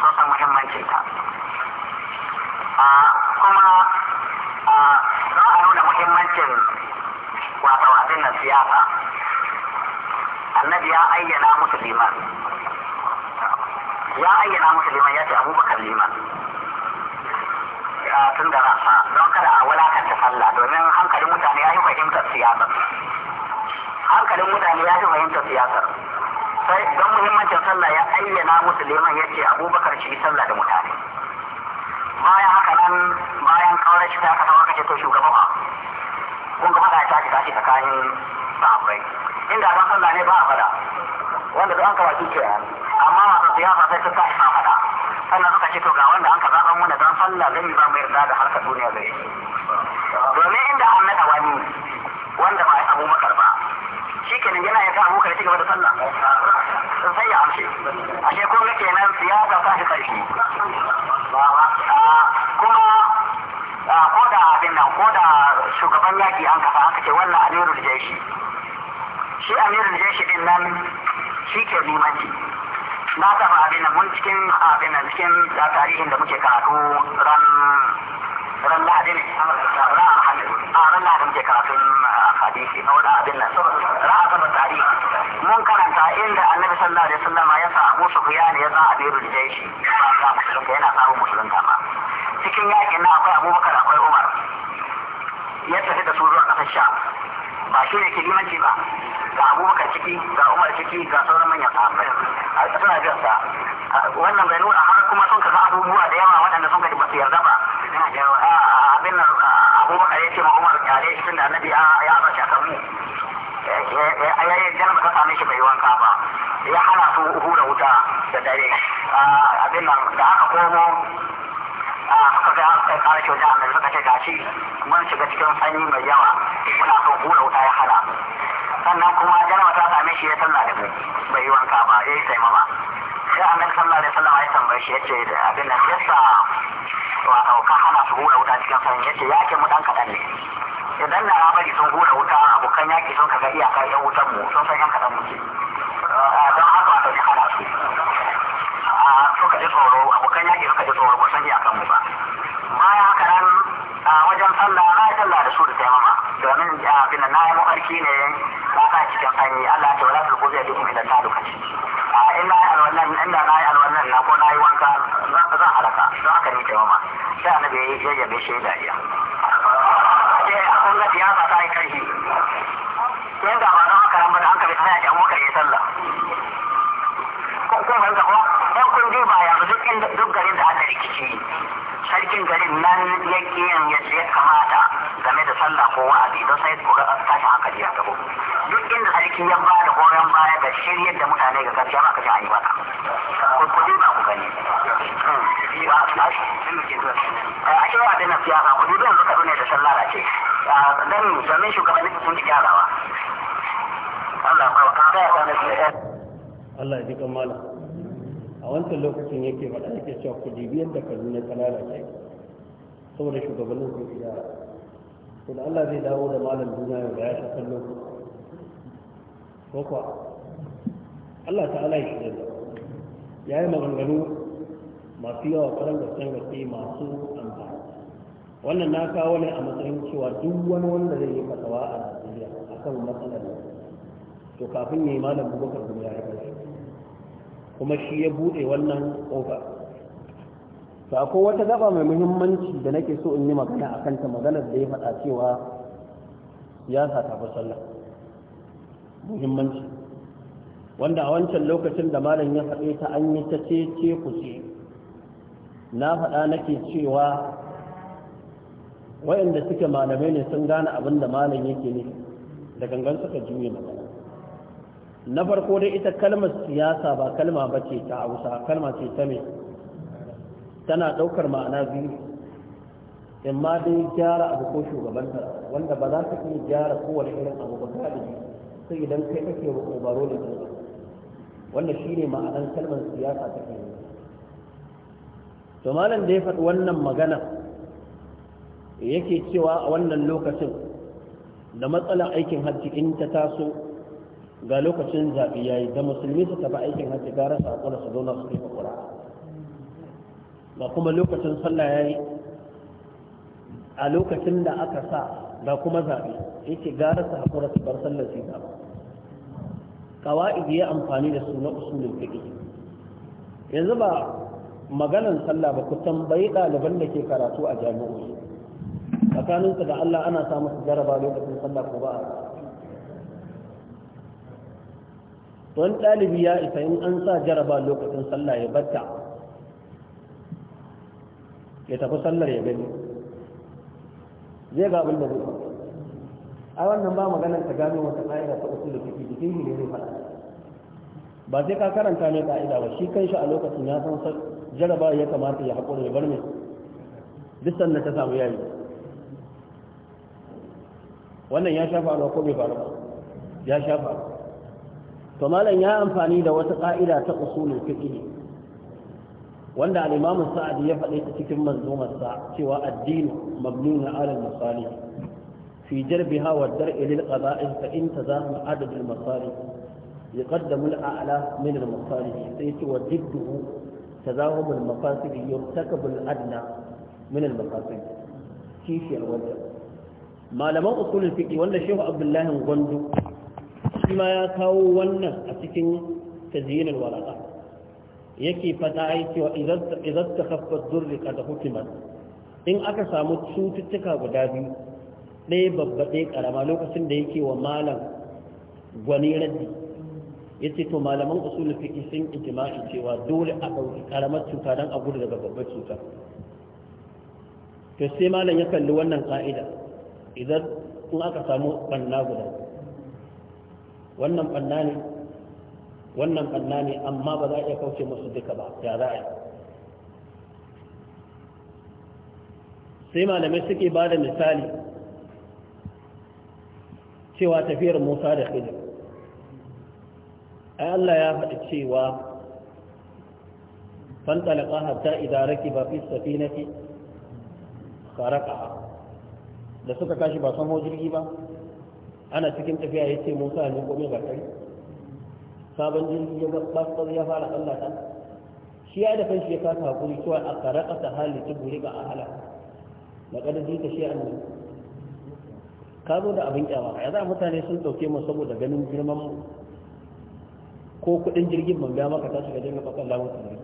sun san muhimmancin ta abin siyasa annabi ya ayyana musu liman ya ayyana musu liman ya ce abubakar liman tun da rasa don kada a wulakanta sallah domin hankalin mutane ya yi fahimtar siyasar hankalin mutane ya fi fahimtar siyasar sai don muhimmancin sallah ya ayyana musu liman ya ce abubakar shi sallah da mutane bayan haka nan bayan kawar shi ta kasa wakace to shugaba kun ga ya tashi tashi tsakanin sahabbai inda don sallah ne ba a faɗa wanda duk an kawo shi amma masu siyasa sai sun tashi fada sannan suka ce to ga wanda an kaza zaɓan wanda don sallah zai yi ba mu yarda da harkar duniya zai domin inda an naɗa wani wanda ba ya abubakar ba shi kenan yana ya sa abubakar ya ci gaba da sallah sai ya amshe ashe kun ga kenan siyasa ta shi ƙarfi kuma Ah, ko da abin nan ko shugaban yaki an kafa an ce wannan amirul jeshi shi amirul jeshi din nan shi ke limanci na taɓa abin nan mun cikin abin nan cikin da tarihin da muke karatu ran ran lahadi ne a ran lahadi muke karatu ah, hadisi na wani abin nan ra'a sama tarihi mun karanta inda annabi sallallahu alaihi wasallam ya sa Abu Sufyan ya za amirul jeshi ba musulunta yana samun musulunta ba cikin yakin na akwai abubakar akwai umar ya tafi da su zuwa kasar sha ba shi ne ke limanci ba ga abubakar ciki ga umar ciki ga sauran manyan sahabbai a suna biyan sa wannan bai nuna har kuma sun kaga abubuwa da yawa waɗanda sun kaji ba su yarda ba abin nan abubakar ya ce ma umar kyale shi tun da annabi ya ba shi mu ya yi jalma ta same shi bai wanka ba ya hana su hura wuta da dare abin nan da aka komo suka ga kai kara kyauta annabi suka ce gashi mun shiga cikin sanyi mai yawa muna son hura wuta ya hada sannan kuma jarama ta same shi ya sallah da mu bai yi wanka ba ya yi taimama sai nan sallallahu alaihi wasallam ya tambaye shi ya yace abin da yasa wato ka hana su hura wuta cikin sanyi ya ke mu dan kadan ne idan na bari sun hura wuta abokan yaki sun kaga iyaka yan wutan mu sun san yan kadan muke don haka ya hana su suka ji tsoro abokan yaki suka ji tsoro ba san iyakan mu ba shine ba ka cikin hanyi Allah ta a ina yi al'wannan inda na yi na ko na yi wanka zan halaka don haka ni taimama sai annabi ya yabe shi dariya sai a kun ga siyasa ta yi karfi yan da ba don haka ran bada hankali sai a sallah ko ko ban da ko dan kun duba yanzu duk garin da aka rikici sarkin garin nan yake yin ya sallah ko wa'azi don sai ku ga tashin hankali ya gabo duk inda sarki ya ba da goyon baya da shiryar da mutane ga gaskiya ba ka ji an yi baka ko ku ba ku gani hmm. a cewa abin na siyasa ku dubi yanzu ne da sallah da ce dan domin shugabannin sun ji gyarawa Allah ba ka ga ya Allah ya ji kamala a wancan lokacin yake faɗa yake cewa ku dibi yadda kaduna kanana ce saboda shugabannin sun gyara to da Allah zai dawo da malam duniya yau da ya sha kallo ko kuwa Allah ta'ala ya shi da ya yi maganganu masu yawa ƙwarar san gaske masu amfani wannan na kawo ne a matsayin cewa duk wani wanda zai yi fatawa a Najeriya akan matsalar to kafin ya yi malam bubakar duniya ya kai kuma shi ya buɗe wannan kofar. to akwai wata gaba mai muhimmanci da nake so in yi magana a kanta maganar da ya faɗa cewa siyasa ta fi sallah muhimmanci wanda a wancan lokacin da malam ya faɗe ta an yi ta ce ce ku ce na faɗa nake cewa wayanda suke malamai ne sun gane abin da malam yake ne da gangan suka juye magana na farko dai ita kalmar siyasa ba kalma bace ta hausa kalma ce ta mai tana ɗaukar ma'ana biyu in ma dai gyara abu ko shugabanta wanda ba za ka iya gyara kowane irin abu ba ka sai idan kai kake wa da kuma wanda shi ne ma'anan kalmar siyasa ta kai to malam da ya faɗi wannan magana yake cewa a wannan lokacin da matsalar aikin hajji in ta taso ga lokacin zaɓi yayi da musulmi su tafi aikin hajji gara su a su zauna su kai kwakwara Ba kuma lokacin sallah ya yi a lokacin da aka sa ba kuma zaɓe ya ce gara su haƙura su bar sallar su kawa kawa'id ya amfani da su na usulun fiƙi yanzu ba maganan sallah ba ku tambayi ɗaliban da ke karatu a jami'o'i tsakaninsu da Allah ana sa musu jaraba lokacin sallah ko ba wani ɗalibi ya isa in an sa jaraba lokacin sallah ya batta ya tafi sallar ya gani zai ga abin da zai a wannan ba maganar ta gano wata ƙa'ida ta usul da fiki jikin shi ne zai faɗa ba sai ka karanta mai ƙa'ida ba shi kanshi a lokacin ya san jaraba ya kamata ya haƙura ya bar mai duk sanda ta samu yayi wannan ya shafa ba ko bai faru ba ya shafa to malam ya amfani da wata ƙa'ida ta usulul fiqh wanda al’imamun sa’adi ya faɗe ta cikin manzomarsa cewa addini mabnuna alal masali fi jirbi hawa dar ilil ƙaza’in ka za mu adadin masali ya ƙadda mul’a’ala min masali sai cewa duk duhu ta za mu mul mafasiri ya taka bul adna min mafasiri kishiyar wajen malaman usulun fiƙi wanda shehu abdullahi gwandu shi ya kawo wannan a cikin tazinin waraka yake fada ai cewa idan ta haifar durrika da hukumar in aka samu cututtuka guda biyu ɗaya babba ɗaya ƙarama lokacin da yake wa malam gwani raddi ya ce to malaman usulun fiƙi sun ijima'i cewa dole a ɗauki ƙaramar cuta don a gudu daga babbar cuta to sai malam ya kalli wannan ƙa'ida idan in aka samu ɓanna guda wannan ɓanna ne wannan ɓanna ne amma ba za a iya kauce musu duka ba ya za a yi sai malamai suke ba da misali cewa tafiyar musa da khidir ai Allah ya faɗi cewa fantalaka hatta idaraki ba fi safinati karaka da suka kashi ba san jirgi ba ana cikin tafiya yace Musa ne komai ba kai sabon jirgi ya gabatar ya fara tsallata shi ya da kanshi ya kasa hakuri cewa a karaka ta halittu guri ga ahala na ƙarfi ta shi annabi ka zo da abin kyawa ya za mutane sun ɗauke mu saboda ganin girman mu ko kuɗin jirgin ban biya maka tashi ga jirgin bakan lamun tsari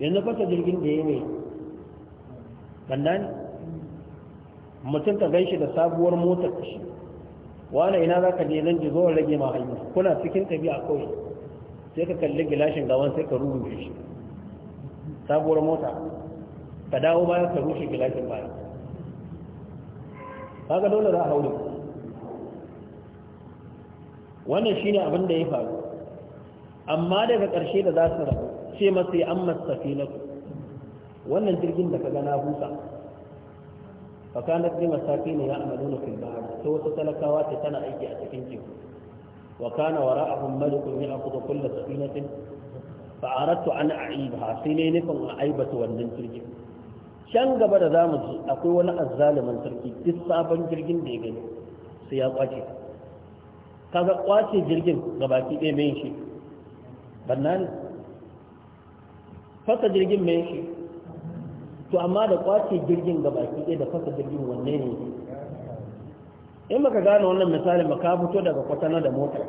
yanzu fasa jirgin da ya mai banda ne mutum ka gan shi da sabuwar motar shi wane ina za ka je nan ji rage ma hanyar kuna cikin a kawai sai ka kalli gilashin gawan sai ka rubuce shi sabuwar mota ka dawo baya ka rushe gilashin baya ga dole za a haure wannan shine abin da ya faru amma daga ƙarshe da za su rabu ce masu yi an masu safinatu wannan jirgin da ka gana busa فكانت لمساكين يعملون في البحر سوى تلكوات تنا أيدي أتكنجه وكان وراءهم ملك يأخذ كل سفينة فأردت nufin a سنين wannan jirgin. can gaba da zamu ji akwai wani azzaluman sarki duk sabon jirgin da ya gani sai ya kwace kaga kwace jirgin baki ɗaya mai shi Bannan, fasa jirgin mai shi to amma da kwace jirgin ga baki ɗaya da fasa jirgin wanne ne in maka gane wannan misali maka fito daga kwatana da mota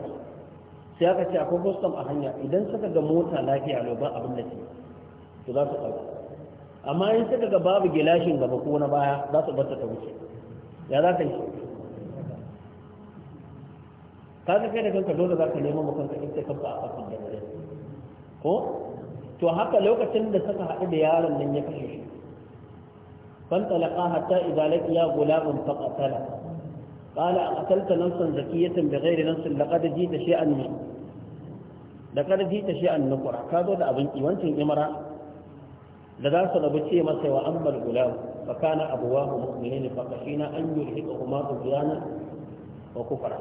sai aka ce akwai custom a hanya idan suka ga mota lafiya a ba abin da ke to za su ɗauka amma in suka ga babu gilashin gaba ko na baya za su bar ta wuce ya za ka yi ka ga kai da kanka dole za ka nemo ma kanka ita kanka a kafin da ko to haka lokacin da suka haɗu da yaron nan ya kashe shi فانطلقا حتى إذا لقيا غلام فقتله قال أقتلت نفسا زكية بغير نفس لقد جئت شيئا منه لقد جئت شيئا نقرا كادو ده أبن إيوانتين إمرا لذا سنبتي مسي وأما الغلام فكان أبواه مؤمنين فخشينا أن يلحقهما طغيانا وكفرا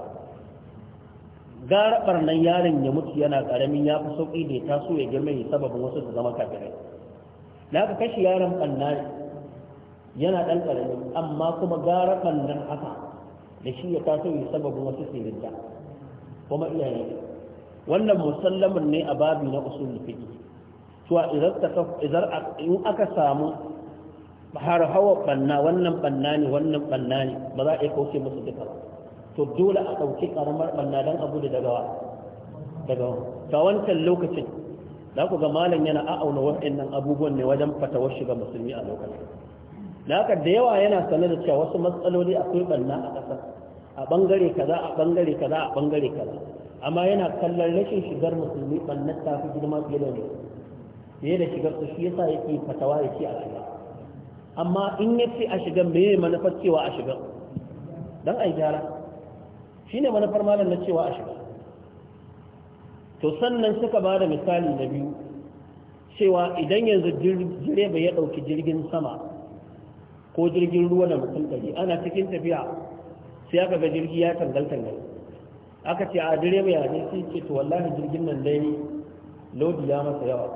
gara barnan yaron ya mutu yana karamin ya fi sauƙi da ya taso ya girma ya sababin wasu su zama kafirai na ka kashe yaron ɓanna yana ɗan ƙarami amma kuma gara ɓannan haka da shi ya taso yi sababu wasu sirinta kuma iyaye wannan musallamin ne a babi na usul fiqi to idan in aka samu har hawa banna wannan banna ne wannan banna ne ba za a kauce musu duka ba to dole a ɗauki ƙaramar banna don abu da daga dagawa ta wancan lokacin za ku ga malam yana a'auna wa'annan abubuwan ne wajen fatawar shiga musulmi a lokacin da haka da yawa yana sanar da cewa wasu matsaloli akwai banna a ƙasa, a bangare kaza a bangare kaza a bangare kaza amma yana kallon rashin shigar musulmi barnar ta fi girma fiye da ne fiye da shigar su shi yasa yake fatawa ya ce a shiga amma in ya ce a shigar me manufar cewa a shigar don a yi gyara shi ne manufar malam na cewa a shiga to sannan suka ba da misali na biyu cewa idan yanzu direba ya ɗauki jirgin sama ko jirgin ruwa da mutum ɗari ana cikin tafiya sai aka ga jirgi ya tangal tangal aka ce a direba ya ne sai ce to wallahi jirgin nan dai lodi ya masa yawa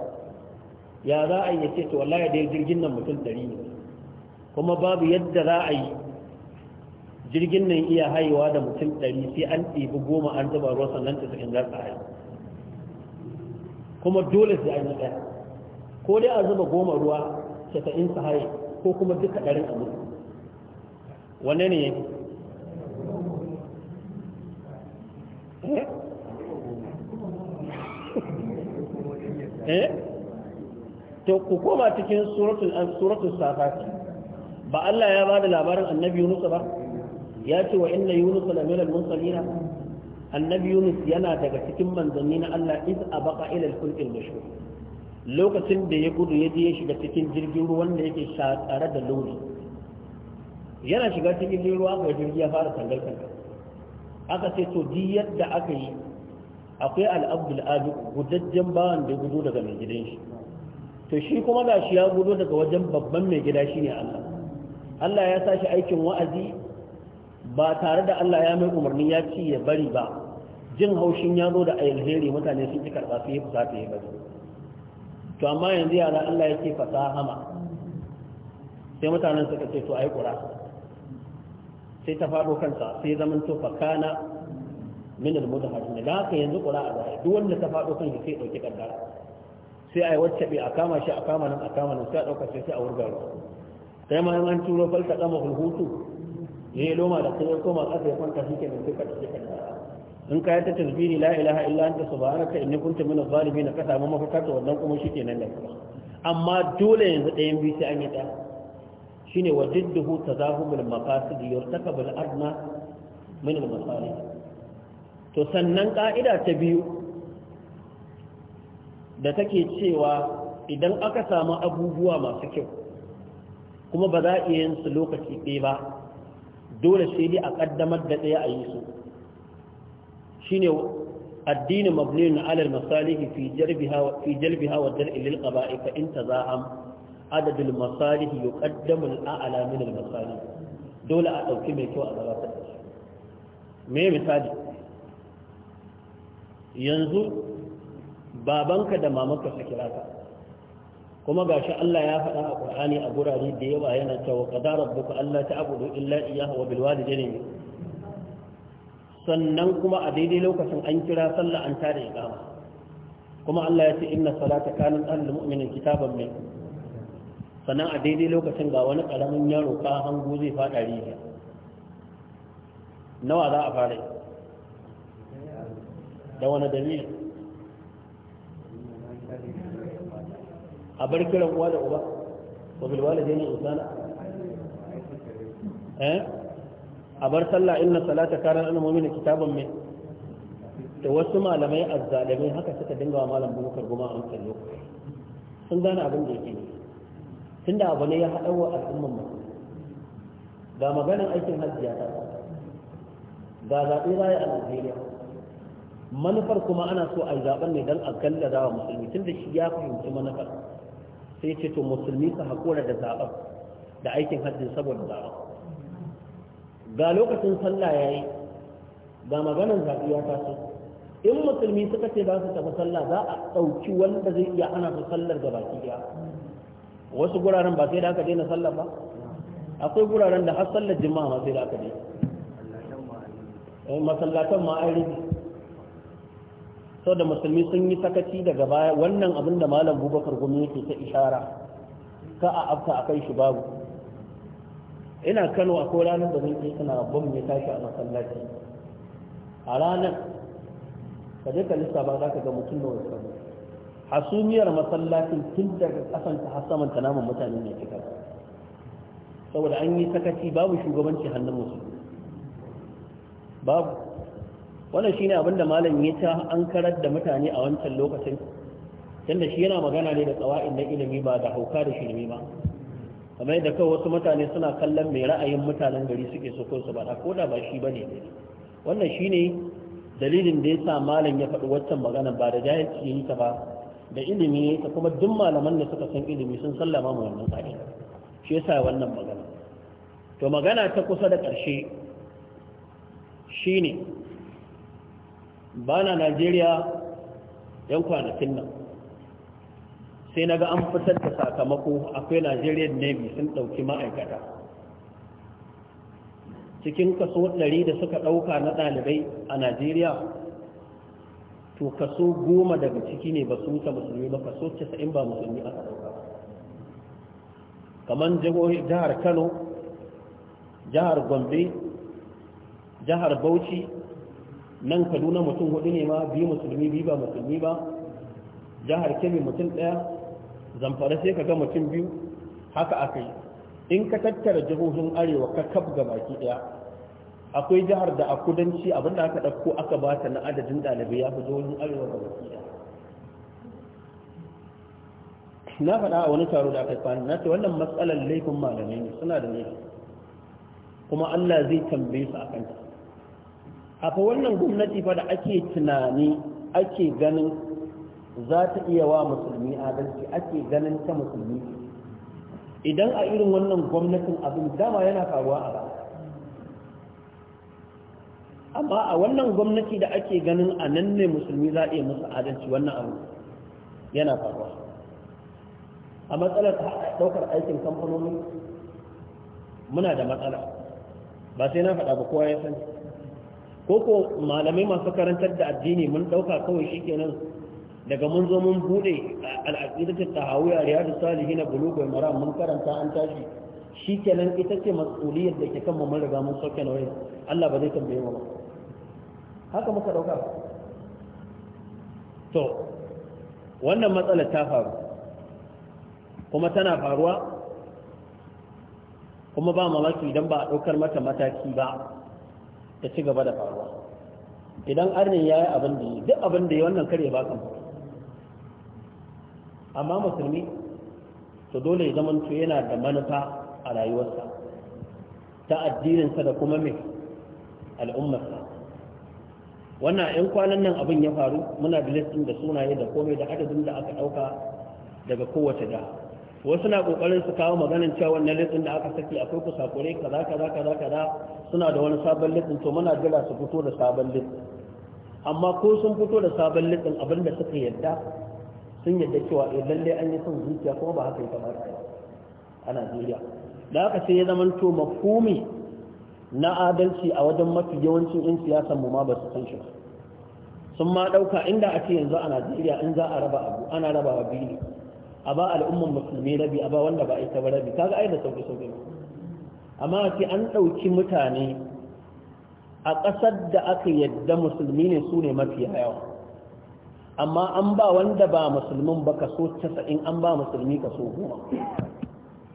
ya za a yi ce to wallahi dai jirgin nan mutum ɗari ne kuma babu yadda za a yi jirgin nan iya haihuwa da mutum ɗari sai an ɗibi goma an zuba ruwa sannan ta sakin zarta haihu kuma dole sai an yi ɗaya ko dai a zuba goma ruwa casa'in su haihu ko kuma duka ɗarin a wanne ne ya eh? eh to ku koma cikin suratul an suratul safat ba Allah ya bada labarin annabi Yunus ba ya ce wa inna yunus la minal mursalin annabi Yunus yana daga cikin manzanni na Allah iz abaqa ila al-fulk al-mashhur lokacin da ya gudu ya je shiga cikin jirgin ruwan da yake tsare da lodi yana shiga cikin jirgin ruwa ga jirgi ya fara tangal kanka aka ce to di yadda aka yi akwai al'abdul abi gudajjen bawan da gudu daga mai gidan shi to shi kuma ga shi ya gudu daga wajen babban mai gida shine Allah Allah ya sa shi aikin wa'azi ba tare da Allah ya mai umarni ya ci ya bari ba jin haushin ya zo da alheri mutane sun ki karɓa su yi fusata ya bari to amma yanzu yara Allah yake fasahama sai mutanen suka ce to ai kura sai ta faɗo kansa sai zaman to fakana min al-mutahadin da haka yanzu kura a zai duk wanda ta faɗo kanta sai dauki kaddara sai ai wacce bi a kama shi a kama nan a kama nan sai dauka sai sai a wurga ruwa sai ma an turo falta kama hulhutu ne loma da kai ko ma kasa ya kwanta shi kenan sai ka tafi kaddara in ka ta tasbiri la ilaha illa anta subhanaka inni kuntu min adh-dhalimin ka samu mafaka to wannan kuma shi kenan da amma dole yanzu ɗayan yan sai an yi ta shine wa jidduhu tazahumul maqasid yurtakabul adna min al-masalih to sannan ka'ida ta biyu da take cewa idan aka samu abubuwa masu kyau kuma ba za a iya yin su lokaci ɗaya ba dole sai dai a ƙaddamar da ɗaya a yi su shine addini mabniun na alal masalih fi jalbiha fi wa dar'i lil qaba'i fa in tazaham adad al-masalih yuqaddamu al-a'la min al-masalih dole a dauki mai kyau a gabatar da shi me misali yanzu babanka da mamanka su kira ka kuma gashi Allah ya faɗa a Qur'ani a gurare da yawa yana cewa qadara rabbuka alla ta'budu illa iyyahu wa bil walidayni sannan kuma a daidai lokacin an kira sallah an tare tada kama, kuma Allah ya ce inna salata kanat alal mu'minin kitaban min sannan a daidai lokacin ga wani karamin yaro ka hango zai fada riga, nawa za a fara da wani dalili a bar kiran uwa da uba wa bil walidaini ihsana eh a bar sallah inna salata karan an mu'mina kitaban mai da wasu malamai azzalimai haka suka dinga wa malam bukar goma an kallo sun gane abin da yake tunda abu ne ya haɗa wa al'umman mu ga maganin aikin hajjiya ta ga zaɓe za a Najeriya manufar kuma ana so a yi zaɓen ne don a gallaza wa musulmi tunda shi ya fahimci manufar sai ce to musulmi su haƙura da zaɓen da aikin hajji saboda zaɓen ga lokacin sallah ya yi ga maganan zaɓi ya taso in musulmi suka ce za su tafi sallah za a ɗauki wanda zai iya ana su sallar da baki ya wasu guraren ba sai da aka daina sallah ba akwai guraren da har sallar jima'a ma sai da aka daina eh, masallatan ma an rubi sau da musulmi sun yi sakaci daga baya wannan abin da malam bubakar gumi yake ta ishara ka a afta a kai shi babu ina kano akwai ranar da zan suna bom ya tashi a masallaci a ranar ka je ka ba za ka ga mutum da wasu abu hasumiyar masallacin tun daga ta har ta namun mutane ne cika saboda an yi sakaci babu shugabanci hannun musu babu wannan shine abinda malam ya ta an karar da mutane a wancan lokacin tunda shi yana magana ne da tsawa'in na ilimi ba da hauka da shirme ba kamar yadda kawai wasu mutane suna kallon mai ra'ayin mutanen gari suke so kansu su ba ko da ba shi bane wannan shine dalilin da yasa malam ya faɗi waccan magana ba da jahilci yayi ta ba da ilimi ta kuma duk malaman da suka san ilimi sun sallama mu wannan tsari shi yasa wannan magana to magana ta kusa da ƙarshe shine bana Najeriya yan kwanakin nan sai na ga an fitar da sakamako akwai nigerian navy sun dauki ma'aikata cikin kaso 100 da suka dauka na dalibai a nigeria to kaso goma daga ciki ne ba su wuce musulmi ba kaso 90 ba musulmi aka dauka. kamar jihar kano jihar gombe jihar bauchi nan kaduna mutum hudu ne ma biyu musulmi biyu ba musulmi ba jihar kebbi mutum daya zamfara sai ka ga mutum biyu haka aka yi in ka tattara jihohin arewa ka kaf ga baki daya akwai jihar da a kudanci abinda aka ɗauko aka ba ta na adadin ɗalibai ya fi jihohin arewa ga baki daya na faɗa a wani taro da aka yi kwani na ce wannan matsalar laifin malamai ne suna da laifi kuma Allah zai tambaye su a kanta a fa wannan gwamnati fa da ake tunani ake ganin za ta iya wa musulmi adalci ake ganin ta musulmi idan a irin wannan gwamnatin abin dama yana faruwa a baya amma a wannan gwamnati da ake ganin a nan ne musulmi za a iya musu adalci wannan abu yana faruwa a matsalar ɗaukar aikin kamfanoni muna da matsala ba sai na faɗa ba kowa ya sani ko ko malamai masu karantar da addini mun ɗauka kawai shi kenan daga mun zo mun bude al'aqidat tahawiyya riyadu salihin bulugul maram mun karanta an tashi shikenan ita ce mas'uliyar da ke kan mun riga mun sauke na wurin. Allah ba zai tambaye mu ba haka muka dauka to wannan matsala ta faru kuma tana faruwa kuma ba mamaki idan ba a daukar mata mataki ba ta ci gaba da faruwa idan arnin ya yi abin da yi duk abin da yi wannan kare ba kan amma musulmi to dole ya zama to yana da manufa a rayuwarsa ta addininsa da kuma mai al'ummarsa wannan 'yan kwanan nan abin ya faru muna da listin da sunaye da komai da adadin da aka ɗauka daga kowace da wasu na kokarin su kawo maganin cewa wannan listin da aka saki akwai sakure kaza kaza kaza kaza suna da wani sabon listin to muna jira su fito da sabon listin amma ko sun fito da sabon listin abin da suka yadda sun yadda cewa a eh, lalle an yi son zuciya kuma ba haka kamar kamata a Najeriya da haka sai ya to mafumi na adalci a wajen mafi yawancin yan siyasan mu ma ba su san shi ba sun ma dauka inda a ce yanzu a Najeriya in za a raba abu ana rabawa biyu ne a ba al'umman musulmi rabi a ba wanda ba ita ba rabi kaga ai da sauki sauki amma a ce an dauki mutane a ƙasar da aka yadda musulmi ne su ne mafi yawa amma an ba wanda ba musulmin ba kaso casa'in an ba musulmi kaso goma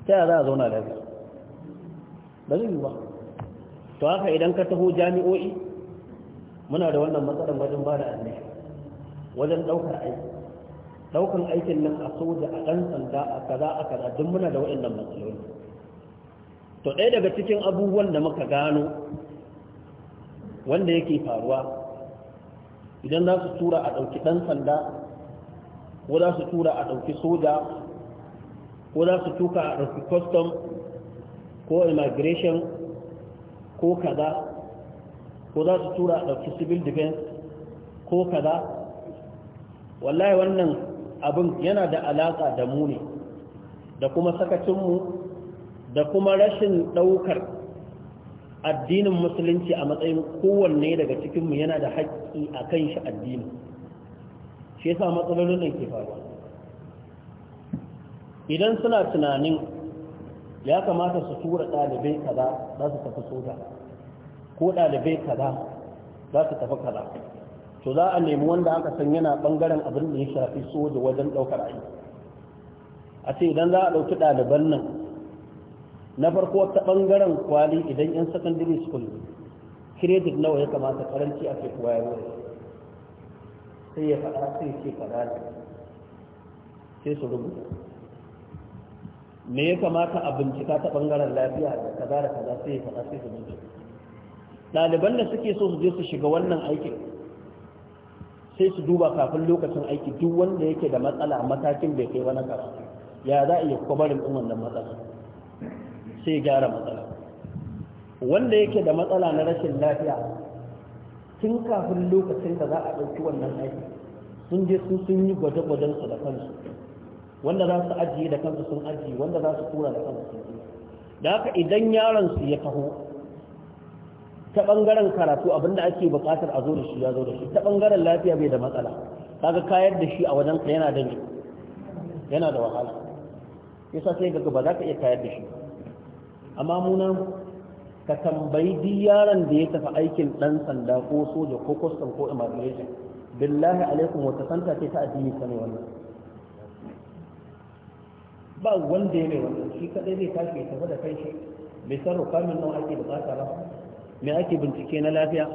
ta yaya za a zauna lafiya ba zai yi ba to haka idan ka taho jami'o'i muna da wannan matsalar wajen ba da annai wajen ɗaukar aiki ɗaukar aikin nan a soja a ɗan sanda a kaza a kaza duk muna da waɗannan matsaloli to ɗaya daga cikin abubuwan da muka gano wanda yake faruwa idan za su tura a ɗauki ɗan sanda ko za su tura a ɗauki soja ko za su tuka a ɗauki custom ko immigration ko kaza ko za su tura a ɗauki civil defense ko kaza wallahi wannan abin yana da alaƙa da mu ne da kuma sakacinmu da kuma rashin ɗaukar addinin musulunci a matsayin kowanne daga cikinmu yana da haƙƙi a kan shi addini shi yasa matsalolin nan ke faruwa idan suna tunanin ya kamata su tura ɗalibai kaza za su tafi soja ko ɗalibai kaza za su tafi kaza to za a nemi wanda aka san yana ɓangaren abin da ya shafi soja wajen ɗaukar aiki a ce idan za a ɗauki ɗaliban nan na farko ta bangaren kwali idan yan secondary school credit nawa ya kamata karanci a cikin wayar sai ya faɗa sai ce fada sai su rubuta me ya kamata a bincika ta bangaren lafiya da kaza da kaza sai ya faɗa sai su rubuta ɗaliban da suke so su je su shiga wannan aikin sai su duba kafin lokacin aiki duk wanda yake da matsala matakin bai kai wani karatu ya za a iya kwabarin ɗin wannan matsala sai gyara matsala wanda yake da matsala na rashin lafiya tun kafin lokacin da za a ɗauki wannan aiki sun je sun sun yi gwaje-gwajen su da kansu wanda za su ajiye da kansu sun ajiye wanda za su tura da kansu sun yi da haka idan yaron su ya taho ta bangaren karatu abinda ake bukatar a zo da shi ya zo da shi ta bangaren lafiya bai da matsala kaga kayar da shi a wajen ka yana da yana da wahala yasa sai ga ba za ka iya kayar da shi ba amma muna ka tambayi duk yaron da ya tafi aikin ɗan sanda ko soja ko custom ko immigration billahi alaikum wata santa ce ta addini ta ne wannan ba wanda ya mai wannan shi kadai zai tashi ya tafi da kai shi bai san rukamin nawa ake bukata ba me ake bincike na lafiya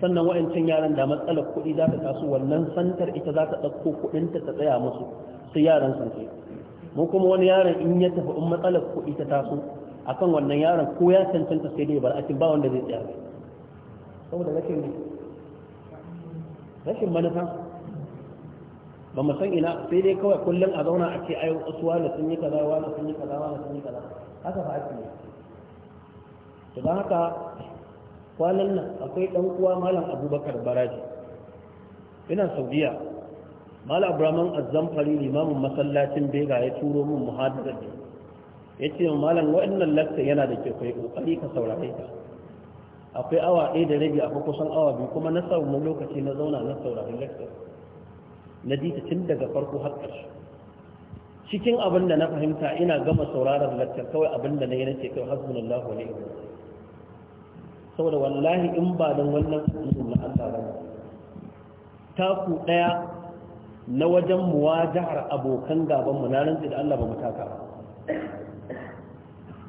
sannan wa'ancin yaran da matsalar kuɗi za ta taso wannan santar ita za ta ɗauko kuɗinta ta tsaya musu su yaran sun mu kuma wani yaran in ya tafi in matsalar kuɗi ta taso akan wannan yaron ko ya cancanta sai dai bar akin ba wanda zai tsaya saboda rashin rashin manufa ba mu san ina sai dai kawai kullum a zauna a ce ai wasu da sun yi kaza da sun yi kaza da sun yi kaza haka fa ake to ba haka kwanan nan akwai dan uwa malam abubakar baraji ina saudiya malam abraman azzamfari limamin masallacin bega ya turo min muhadarar ya ce malam waɗannan lakta yana da kyau kai ƙoƙari ka saurare ka akwai awa ɗaya da rabi akwai kusan awa biyu kuma na samu lokaci na zauna na saurari lakta na ji ta tun daga farko har ƙarshe cikin abin da na fahimta ina gama sauraron lakta kawai abin da na yi na ce kai hasbunallahu wa ni'mal saboda wallahi in ba don wannan na Allah ba taku ɗaya na wajen muwajahar abokan gaban mu na rantsi da Allah ba mu taka ba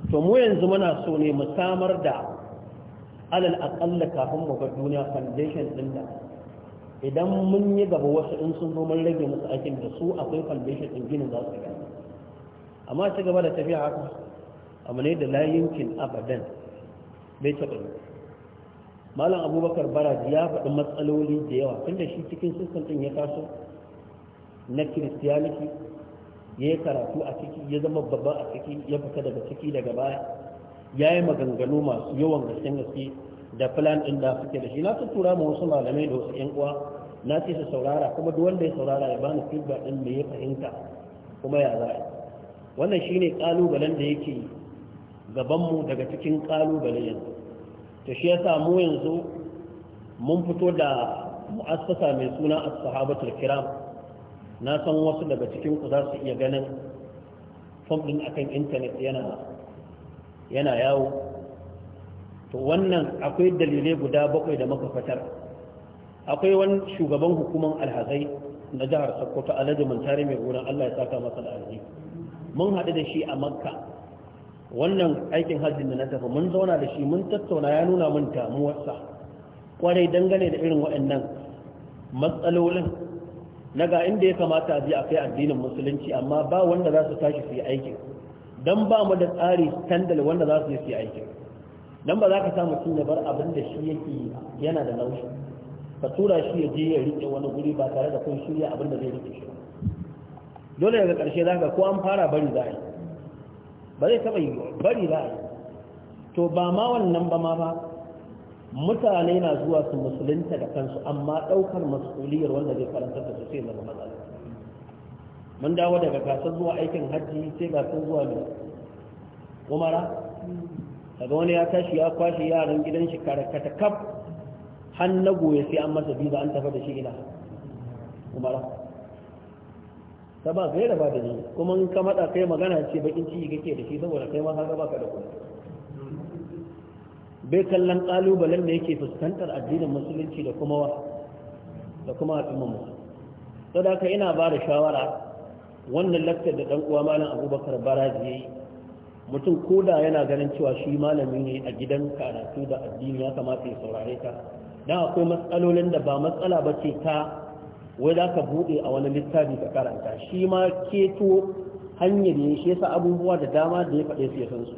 to mu yanzu muna so ne mu samar da alal aƙalla kafin mu bar duniya foundation din da idan mun yi gaba wasu in sun zo mun rage musu aikin da su akwai foundation din ginin za su gani amma ci gaba da tafiya haka amma ne da layinkin abadan bai taɓa yi malam abubakar baraji ya faɗi matsaloli da yawa tun da shi cikin sistan ɗin ya taso na kiristiyaniki ya yi karatu a ciki ya zama babba a ciki ya fita daga ciki daga baya ya yi maganganu masu yawan gaske gaske da plan ɗin da suke da shi na su tura ma wasu malamai da wasu 'yan uwa na ce su saurara kuma duk wanda ya saurara ya bani feedback ɗin da ya fahimta kuma ya za wannan shine kalubalen da yake gaban mu daga cikin kalubale yanzu to shi yasa mu yanzu mun fito da mu'assasa mai suna as-sahabatul kiram na san wasu daga cikin ku za su iya ganin fom din akan intanet yana yawo to wannan akwai dalilai guda bakwai da muka fitar akwai wani shugaban hukumar alhazai na jihar sokoto alhaji mantari mai gudan allah ya saka masa da alhaji mun haɗu da shi a makka wannan aikin hajji da na tafi mun zauna da shi mun tattauna ya nuna mun damuwarsa kwarai dangane da irin waɗannan matsalolin na ga inda ya kamata a ji a kai addinin musulunci amma ba wanda za su tashi su yi aikin don ba mu da tsari standal wanda za su yi su yi aikin don ba za ka samu mutum ya bar abin da shi yake yana da laushi ka tura shi ya je ya riƙe wani guri ba tare da kun shirya abin da zai riƙe shi dole daga ƙarshe za ka ko an fara bari za a yi ba zai taɓa yi bari za a yi to ba ma wannan ba ma ba mutane na zuwa su musulunta da kansu amma ɗaukar masuliyar wanda zai karanta da su sai zama matsala mun dawo daga gasar zuwa aikin hajji sai sun zuwa da umara daga wani ya tashi ya kwashe yaran gidan shi karakata kaf har na goye sai an masa biza an tafi da shi ina umara ta ba gaira ba da ni kuma in ka maɗa kai magana ce bakin ciki kake da shi saboda kai ma har ba ka da kuɗi bai kallon kalubalen da yake fuskantar addinin musulunci da kuma da kuma musulunci saboda ka ina ba da shawara wannan laktar da dan uwa malam abubakar baraji yayi mutum koda yana ganin cewa shi malami ne a gidan karatu da addini ya kamata ya saurare ka don akwai matsalolin da ba matsala ba ce ta wai za ka buɗe a wani littafi ka karanta shi ma keto hanyar ne shi yasa abubuwa da dama da ya faɗe su ya san su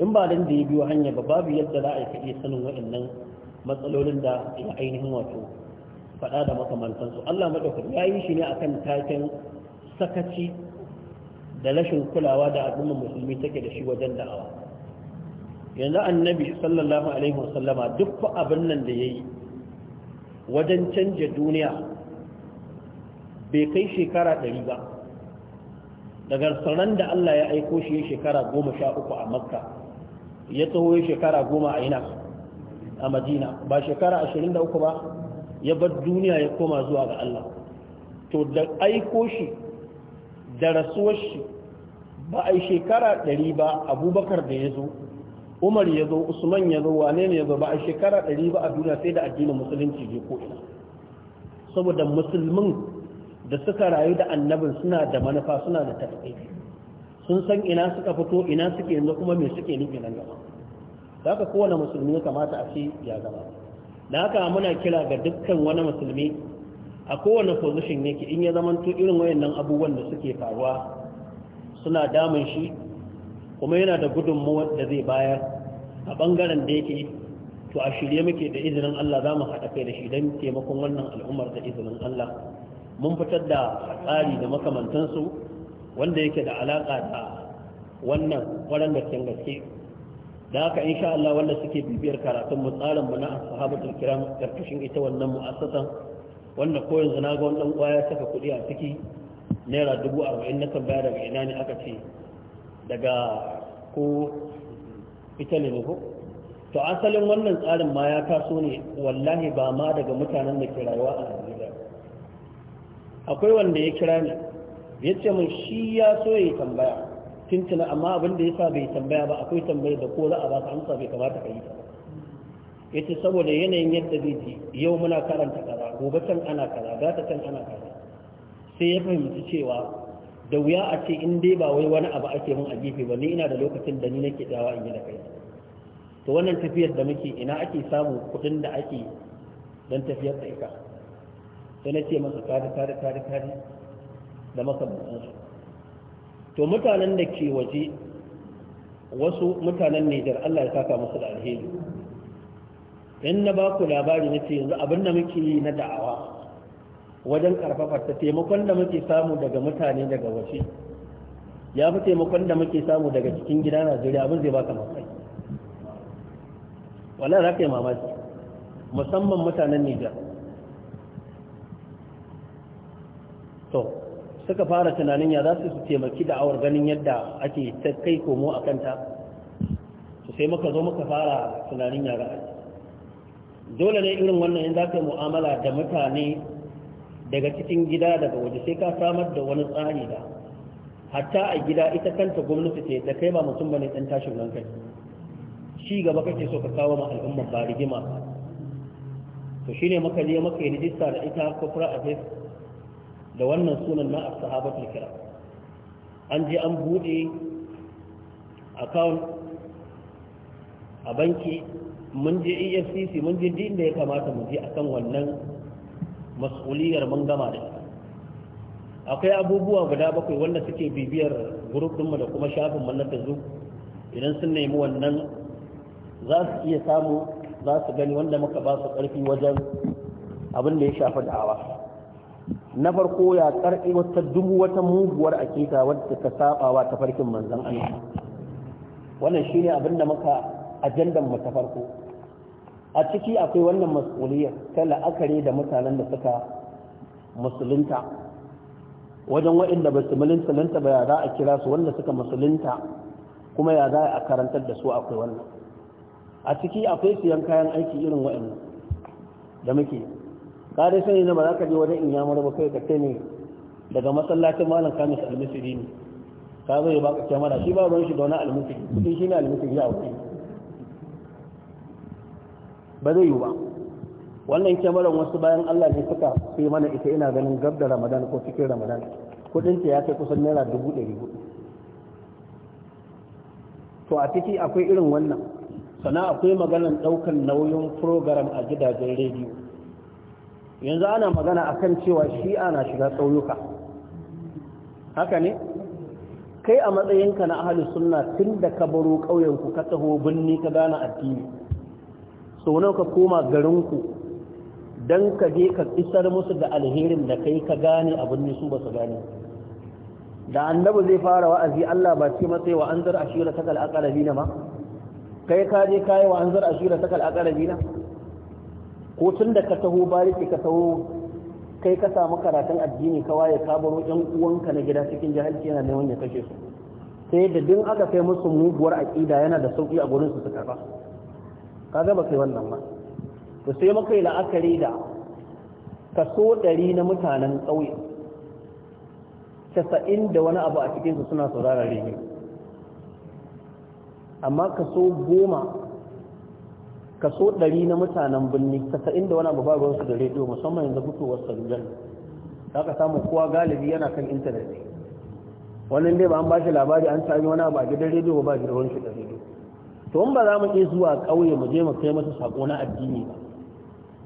in ba dan da ya biyo hanya ba babu yadda za a yi kaɗe sanin waɗannan matsalolin da ya ainihin wato faɗa da makamantansu Allah maɗaukar ya yi shi ne a kan taken sakaci da rashin kulawa da al'ummar musulmi take da shi wajen da'awa yanzu annabi sallallahu alaihi wasallama duk fa abin nan da yayi wajen canja duniya bai kai shekara ɗari ba daga sauran da Allah ya aiko shi shekara goma sha uku a makka ya taho shekara goma a ina a madina ba shekara ashirin da uku ba ya bar duniya ya koma zuwa ga Allah to da aiko shi da rasuwar shi ba a shekara ɗari ba abubakar da ya zo umar ya zo usman ya zo wane ne ya zo ba a shekara ɗari ba a duniya sai da addinin musulunci je ko ina saboda musulmin da suka rayu da annabin suna da manufa suna da tafiye sun san ina suka fito ina suke yanzu kuma me suke nufi nan gaba da haka kowane musulmi kamata a ce ya gaba da haka muna kira ga dukkan wani musulmi a kowane position yake in ya zamanto irin wayannan abubuwan da suke faruwa suna damun shi kuma yana da gudunmawar da zai bayar a bangaren da yake to a shirye muke da izinin Allah za mu haɗa kai da shi don taimakon wannan al'ummar da izinin Allah mun fitar da tsari da makamantansu wanda yake da alaƙa da wannan ƙwarar gaskiyar gaske da haka insha Allah wanda suke bibiyar karatun mu tsarin mu na ashabatul kiram karkashin ita wannan mu'assasan wanda ko yanzu na ga wannan kwaya saka kuɗi a ciki naira dubu arba'in na kan bayar daga ina ne aka ce daga ko ita ne ko to asalin wannan tsarin ma ya taso ne wallahi ba ma daga mutanen da ke rayuwa a Najeriya akwai wanda ya kira ni ya ce mun shi ya so ya yi tambaya tuntuna amma abin da ya sa bai tambaya ba akwai tambayar da ko za a ba ka amsa bai kamata ka yi ta ya ce saboda yanayin yadda zai ji yau muna karanta kaza gobe can ana kaza gata can ana kaza sai ya fahimci cewa da wuya a ce in dai ba wai wani abu ake mun a gefe ba ni ina da lokacin da ni nake dawa in yi da kai to wannan tafiyar da muke ina ake samu kuɗin da ake don tafiyar tsaika sai na ce masa kadi kadi kadi da makamantansu to mutanen da ke waje wasu mutanen Nijar Allah ya saka musu da alheri in na ba ku labari na ce yanzu abin da muke yi na da'awa wajen karfafa ta taimakon da muke samu daga mutane daga waje ya fi taimakon da muke samu daga cikin gida Najeriya abin zai baka mafai wannan za ka yi mamaki musamman mutanen Nijar to suka fara tunanin ya za su taimaki awar ganin yadda ake ta kai komo a kanta Su sai muka zo muka fara tunanin ya ra'ayi dole ne irin wannan in za ka yi mu'amala da mutane daga cikin gida daga waje sai ka samar da wani tsari da hatta a gida ita kanta gwamnati ce da kai ba mutum ba ne ɗan tashin hankali shi gaba kake so ka kawo ma al'ummar ba rigima to shine maka je maka yi rijista da ita corporate affairs da wannan sunan na ashabatul kira. an je an bude account a banki mun je EFCC mun je din da ya kamata mu je akan wannan mas'uliyar mun gama da akwai abubuwa guda bakwai wanda suke bibiyar group ɗinmu da kuma shafin na Facebook idan sun nemi wannan za su iya samu za su gani wanda muka ba su ƙarfi wajen abin da ya shafi da'awa na farko ya karɓi wata dubu wata muguwar akita wadda ta saba wa ta farkin manzon Allah wannan shine abin da muka ajandan mu ta farko a ciki akwai wannan mas'uliyya ta la'akari da mutanen da suka musulunta wajen waɗanda ba su musulunta ba ya za a kira su wanda suka musulunta kuma ya za a karantar da su akwai wannan a ciki akwai yan kayan aiki irin waɗannan da muke ka dai sani na ba za ka je wajen inyamar ba kai ka ce ne daga masallacin malam kamis al-misri ne ka zai ba ka kyamara shi ba ruwan shi da wani almisiri kudi shi ne almisiri a wuri ba zai yi ba wannan kyamaran wasu bayan allah ne suka fi mana ita ina ganin gab da ramadan ko cikin ramadan kudin ta ya kai kusan naira dubu ɗari hudu to a ciki akwai irin wannan sana akwai maganar ɗaukar nauyin program a gidajen rediyo yanzu ana magana a kan cewa shi'a na shiga tsauyuka haka ne kai a matsayinka na ahalus suna tun da ka baro ƙauyenku ka taho birni ka gane addini sau nan ka koma garinku don ka je ka isar musu da alherin da kai ka gane abin birni su ba su gane da annabi zai fara wa'azi Allah ba ce matsayi wa an anzar ashira takal ƙarabi na ma kai ka je kayi wa an anzar da takal ƙarabi na ko tun da ka taho bariki ka taho kai ka samu karatun addini ka waye ka baro ɗan uwanka na gida cikin jahilci yana neman ya kashe su sai da din aka kai musu muguwar aƙida yana da sauki a gurin su su karba. ka ga ba kai wannan ba to sai muka yi la'akari da kaso ɗari na mutanen ƙauye casa'in da wani abu a cikinsu suna saurara rediyo amma kaso goma kaso ɗari na mutanen birni tasa'in da wani abu ba ruwansu da rediyo musamman yanzu fitowar salular za ka samu kowa galibi yana kan intanet ne wannan dai ba an shi labari an sami wani abu a gidan rediyo ba gidan shi da rediyo to in ba za mu iya zuwa ƙauye mu je mu kai masa sako na addini ba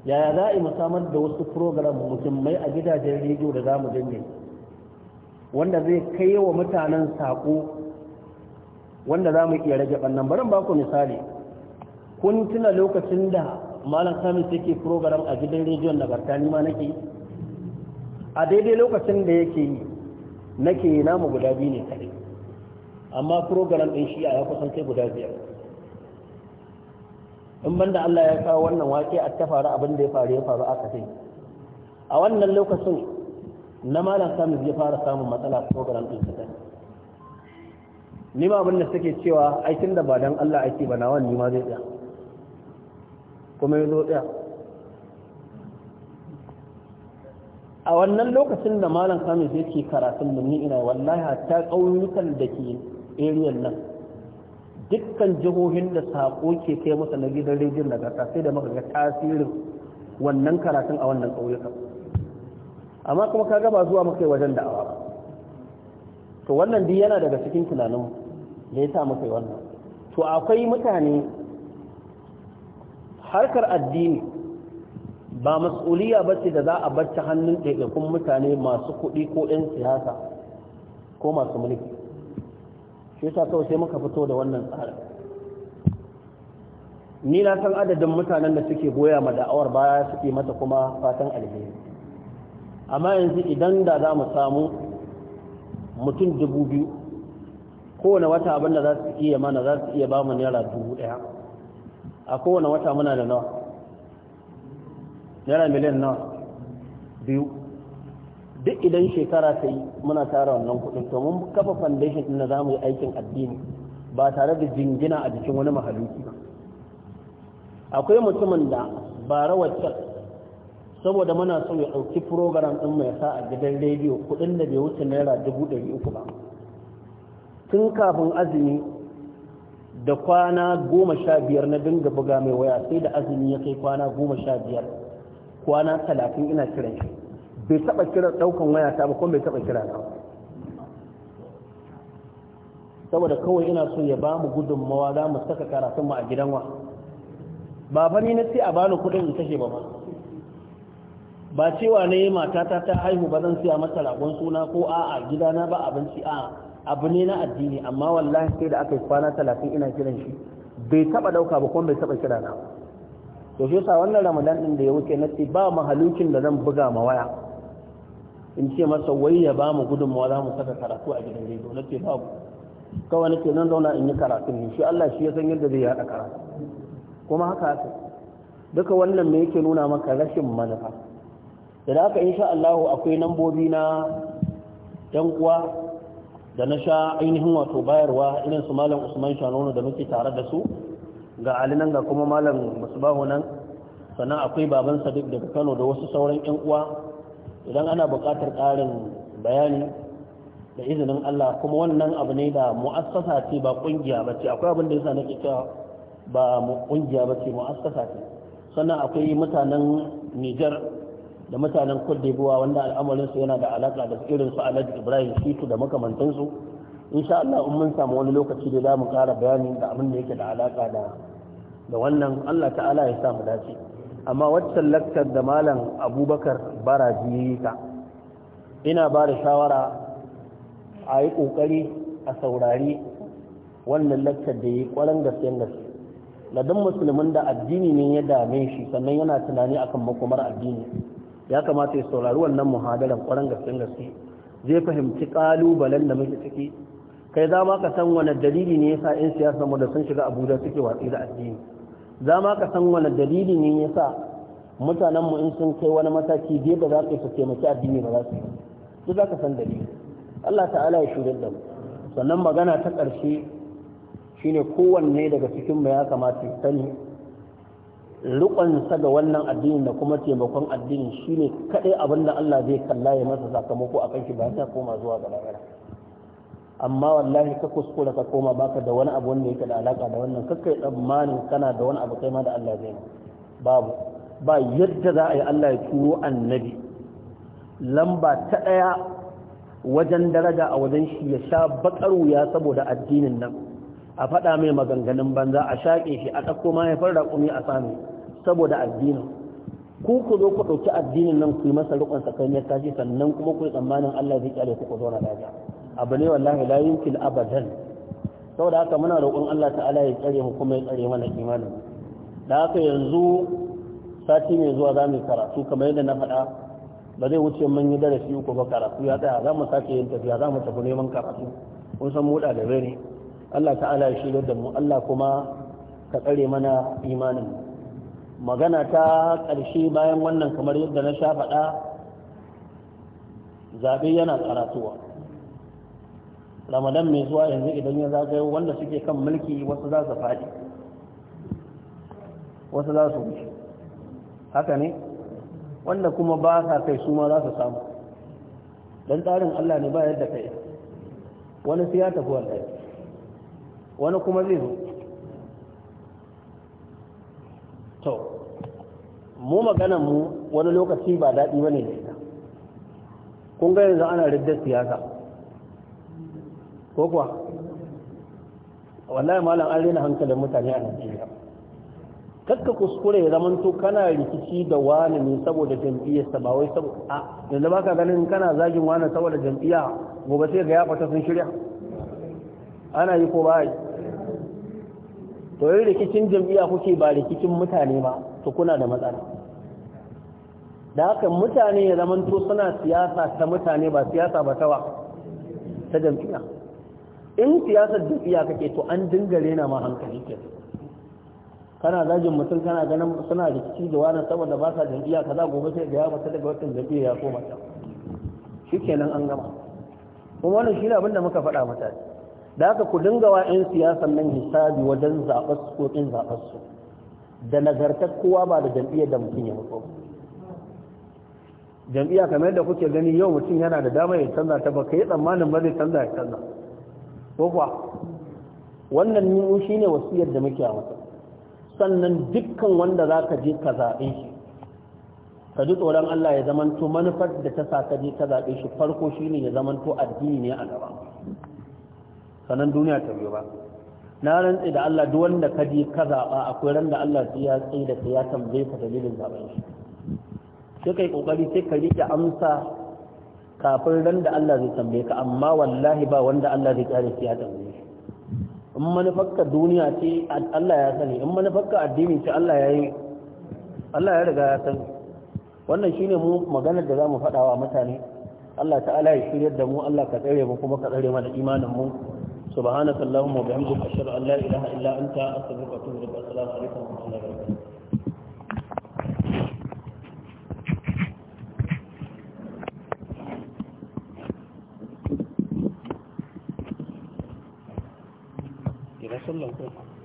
yaya za a mu samar da wasu program muhimmai a gidajen rediyo da za mu danne wanda zai kai wa mutanen sako wanda za mu iya rage ɓannan barin ba ku misali kun tuna lokacin da malam samis yake program a gidan rediyon nagarta ni ma nake a daidai lokacin da yake yi nake yi namu guda biyu ne kare amma program ɗin shi a ya kusan kai guda biyar in banda Allah ya kawo wannan wake a ta faru abin da ya faru ya faru aka sai a wannan lokacin na malam samis ya fara samun matsala program ɗin su ni Nima abin da suke cewa aikin da ba don Allah aiki ba na wani ma zai tsaya kuma yi zo ɗaya a wannan lokacin da malam kamis yake karatun da ni ina wallahi hatta ƙauyukan da ke eriyan nan dukkan jihohin da saƙo ke kai masa na gidan rediyon daga sai da muka ga tasirin wannan karatun a wannan ƙauyukan amma kuma ka gaba zuwa muka yi wajen da'awa ba to wannan duk yana daga cikin tunanin da ya sa muka yi wannan to akwai mutane harkar addini ba masuliyya ba ce da za a barci hannun ɗaiɗaikun mutane masu kuɗi ko 'yan siyasa ko masu mulki shi ta kawai sai muka fito da wannan tsarin ni na san adadin mutanen da suke goya ma da'awar baya suke mata kuma fatan alheri amma yanzu idan da za mu samu mutum dubu biyu kowane wata abin da za su iya mana za su iya ba mu naira dubu ɗaya a kowane wata muna da nawa naira miliyan nawa biyu duk idan shekara ta yi muna tara wannan kuɗin to mun kafa foundation din na za mu yi aikin addini ba tare da jingina a jikin wani mahaluki ba akwai mutumin da ba wacce saboda muna so ya ɗauki program ɗin mai sa a gidan rediyo kuɗin da bai wuce naira dubu ɗari uku ba tun kafin azumi da kwana goma sha biyar na dinga buga mai waya sai da azumi ya kai kwana goma sha biyar kwana talatin ina kiran shi bai taba kira daukan waya ta ba kuma bai taba kira ba. saboda kawai ina so ya ba mu gudunmawa za mu saka karatun mu a gidan wa ba fa ni na sai a bani kudin in kashe ba ba ba cewa ne matata ta haihu ba zan siya mata ragon suna ko a'a gidana ba abinci a'a abu ne na addini amma wallahi sai da aka yi kwana talatin ina kiran shi bai taba dauka ba kuma bai taba kira na to shi yasa wannan ramadan din da ya wuce na ce ba mahalukin da zan buga ma waya in ce masa wai ya ba mu gudunmawa za mu saka karatu a gidan rediyo na ce babu kawai nake nan zauna in yi karatu ne shi Allah shi ya san yadda zai yada karatu kuma haka haka duka wannan me yake nuna maka rashin manufa da aka insha Allah akwai nambobi na yan uwa da na sha ainihin wato bayarwa irin su malam usman shanono da muke tare da su ga ali nan ga kuma malam musbahu nan sannan akwai baban sadiq daga kano da wasu sauran yan uwa idan ana buƙatar ƙarin bayani da izinin Allah kuma wannan abu ne da mu'assasa ce ba kungiya ba ce akwai abin da yasa na cewa ba kungiya ba ce mu'assasa ce sannan akwai mutanen nijar. da mutanen Cote d'Ivoire wanda al'amarin su yana da alaka da irin su Alhaji Ibrahim Shitu da makamantansu insha Allah in mun samu wani lokaci da zamu ƙara bayani da abin da yake da alaka da da wannan Allah ta'ala ya sa mu dace amma waccan lakcar da malam Abubakar Baraji ta ina ba da shawara a yi ƙoƙari a saurari wannan laktar da yi ƙwarar gaskiyar gaske ladan musulmin da addini ne ya dame shi sannan yana tunani akan makomar addini ya kamata ya saurari wannan muhadaran kwaran gaske gaske zai fahimci kalubalen da muke ciki kai za ma ka san wani dalili ne yasa yan siyasa mu da sun shiga abuja suke watsi da addini za ma ka san wani dalili ne yasa mutanen mu in sun kai wani mataki bai da za su taimaki addini ba za su yi za ka san dalili Allah ta'ala ya shirya da mu sannan magana ta ƙarshe shine kowanne daga cikin mu ya kamata ya sani rikonsa ga wannan addinin da kuma taimakon addinin shine kaɗai abin da Allah zai kalla ya masa sakamako a kanki ba ta koma zuwa ga lahira amma wallahi ka kuskura ka koma baka da wani abu wanda yake da alaka da wannan kakkai tsammanin kana da wani abu kai ma da Allah zai babu ba yadda za a yi Allah ya turo annabi lamba ta ɗaya wajen daraja a wajen shi ya sha baƙar wuya saboda addinin nan a faɗa mai maganganun banza a shaƙe shi a ɗauko da ƙumi a sami saboda addinin ku ku zo ku ɗauki addinin nan ku yi masa riƙon tsakanin kashi sannan kuma ku yi tsammanin Allah zai kyale ku ku zauna lafiya abu ne wallahi la yumkin abadan saboda haka muna roƙon Allah ta'ala ya tsare mu kuma ya tsare mana imanin da haka yanzu sati mai zuwa za mu karatu kamar yadda na faɗa ba zai wuce mun yi darasi uku ba karatu ya tsaya za mu sake yin tafiya za mu tafi neman karatu kun san mu da ne Allah ta'ala ya shigar da mu Allah kuma ka tsare mana imanin magana ta ƙarshe bayan wannan kamar yadda na sha faɗa zaɓe yana karatuwa ramadan mai zuwa yanzu idan ya zagaye wanda suke kan mulki wasu za su faɗi wasu za su wuce haka ne wanda kuma ba sa kai su ma za su samu don tsarin allah ne ba yadda kai wani sai ya tafi wallahi wani kuma zai zo to mu magana mu wani lokaci ba daɗi bane da ita kun ga yanzu ana riddar siyasa ko kuwa wallahi malam an rena hankalin mutane a Najeriya kakka kuskure ya zamanto kana rikici da wani ne saboda jam'iyyarsa ba wai saboda a yanzu baka ganin kana zagin wani saboda jam'iyya gobe sai ga ya fata sun shirya ana yi ko ba yi to yi rikicin jam'iyya kuke ba rikicin mutane ba to kuna da matsala da haka mutane ya zamanto suna siyasa ta mutane ba siyasa ba tawa ta jam'iyya in siyasar jam'iyya kake to an dinga rena ma hankali ke kana zajin mutum kana ganin suna rikici da wani saboda ba sa jam'iyya kaza gobe sai ga ya wata daga watan jam'iyya ya koma ta shikenan an gama kuma wannan shi ne abin da muka faɗa mutane da haka ku dinga wa 'yan siyasan nan hisabi wajen zaɓar su ko ƙin zaɓar su da nazartar kowa ba da jam'iyyar da mutum ya mutu jam'iyya kamar da kuke gani yau mutum yana da dama ya canza ta ba ka yi tsammanin ba zai canza ya canza ko kuwa wannan ni'u shi ne wasiyar da muke a masa sannan dukkan wanda za ka je ka zaɓe shi ka ji tsoron Allah ya zamanto manufar da ta sa ka je ka zaɓe shi farko shi ne ya zamanto addini ne a gaba sanan duniya ta biyo ba na rantsi da Allah duk wanda ka ji ka zaɓa akwai ran da Allah ya tsaye da ya tambaye ka dalilin zaɓen shi sai kai kokari sai ka riƙe amsa kafin ran da Allah zai tambaye ka amma wallahi ba wanda Allah zai kare shi ya tambaye shi in manufarka duniya ce Allah ya sani in manufarka addini ce Allah ya yi Allah ya riga ya sani wannan shine mu maganar da zamu faɗa wa mutane Allah ta'ala ya shiryar da mu Allah ka tsare mu kuma ka tsare mana imanin mu سبحانك اللهم وبحمدك اشهد ان لا اله الا انت استغفرك واتوب اليك السلام عليكم ورحمه الله وبركاته Gracias.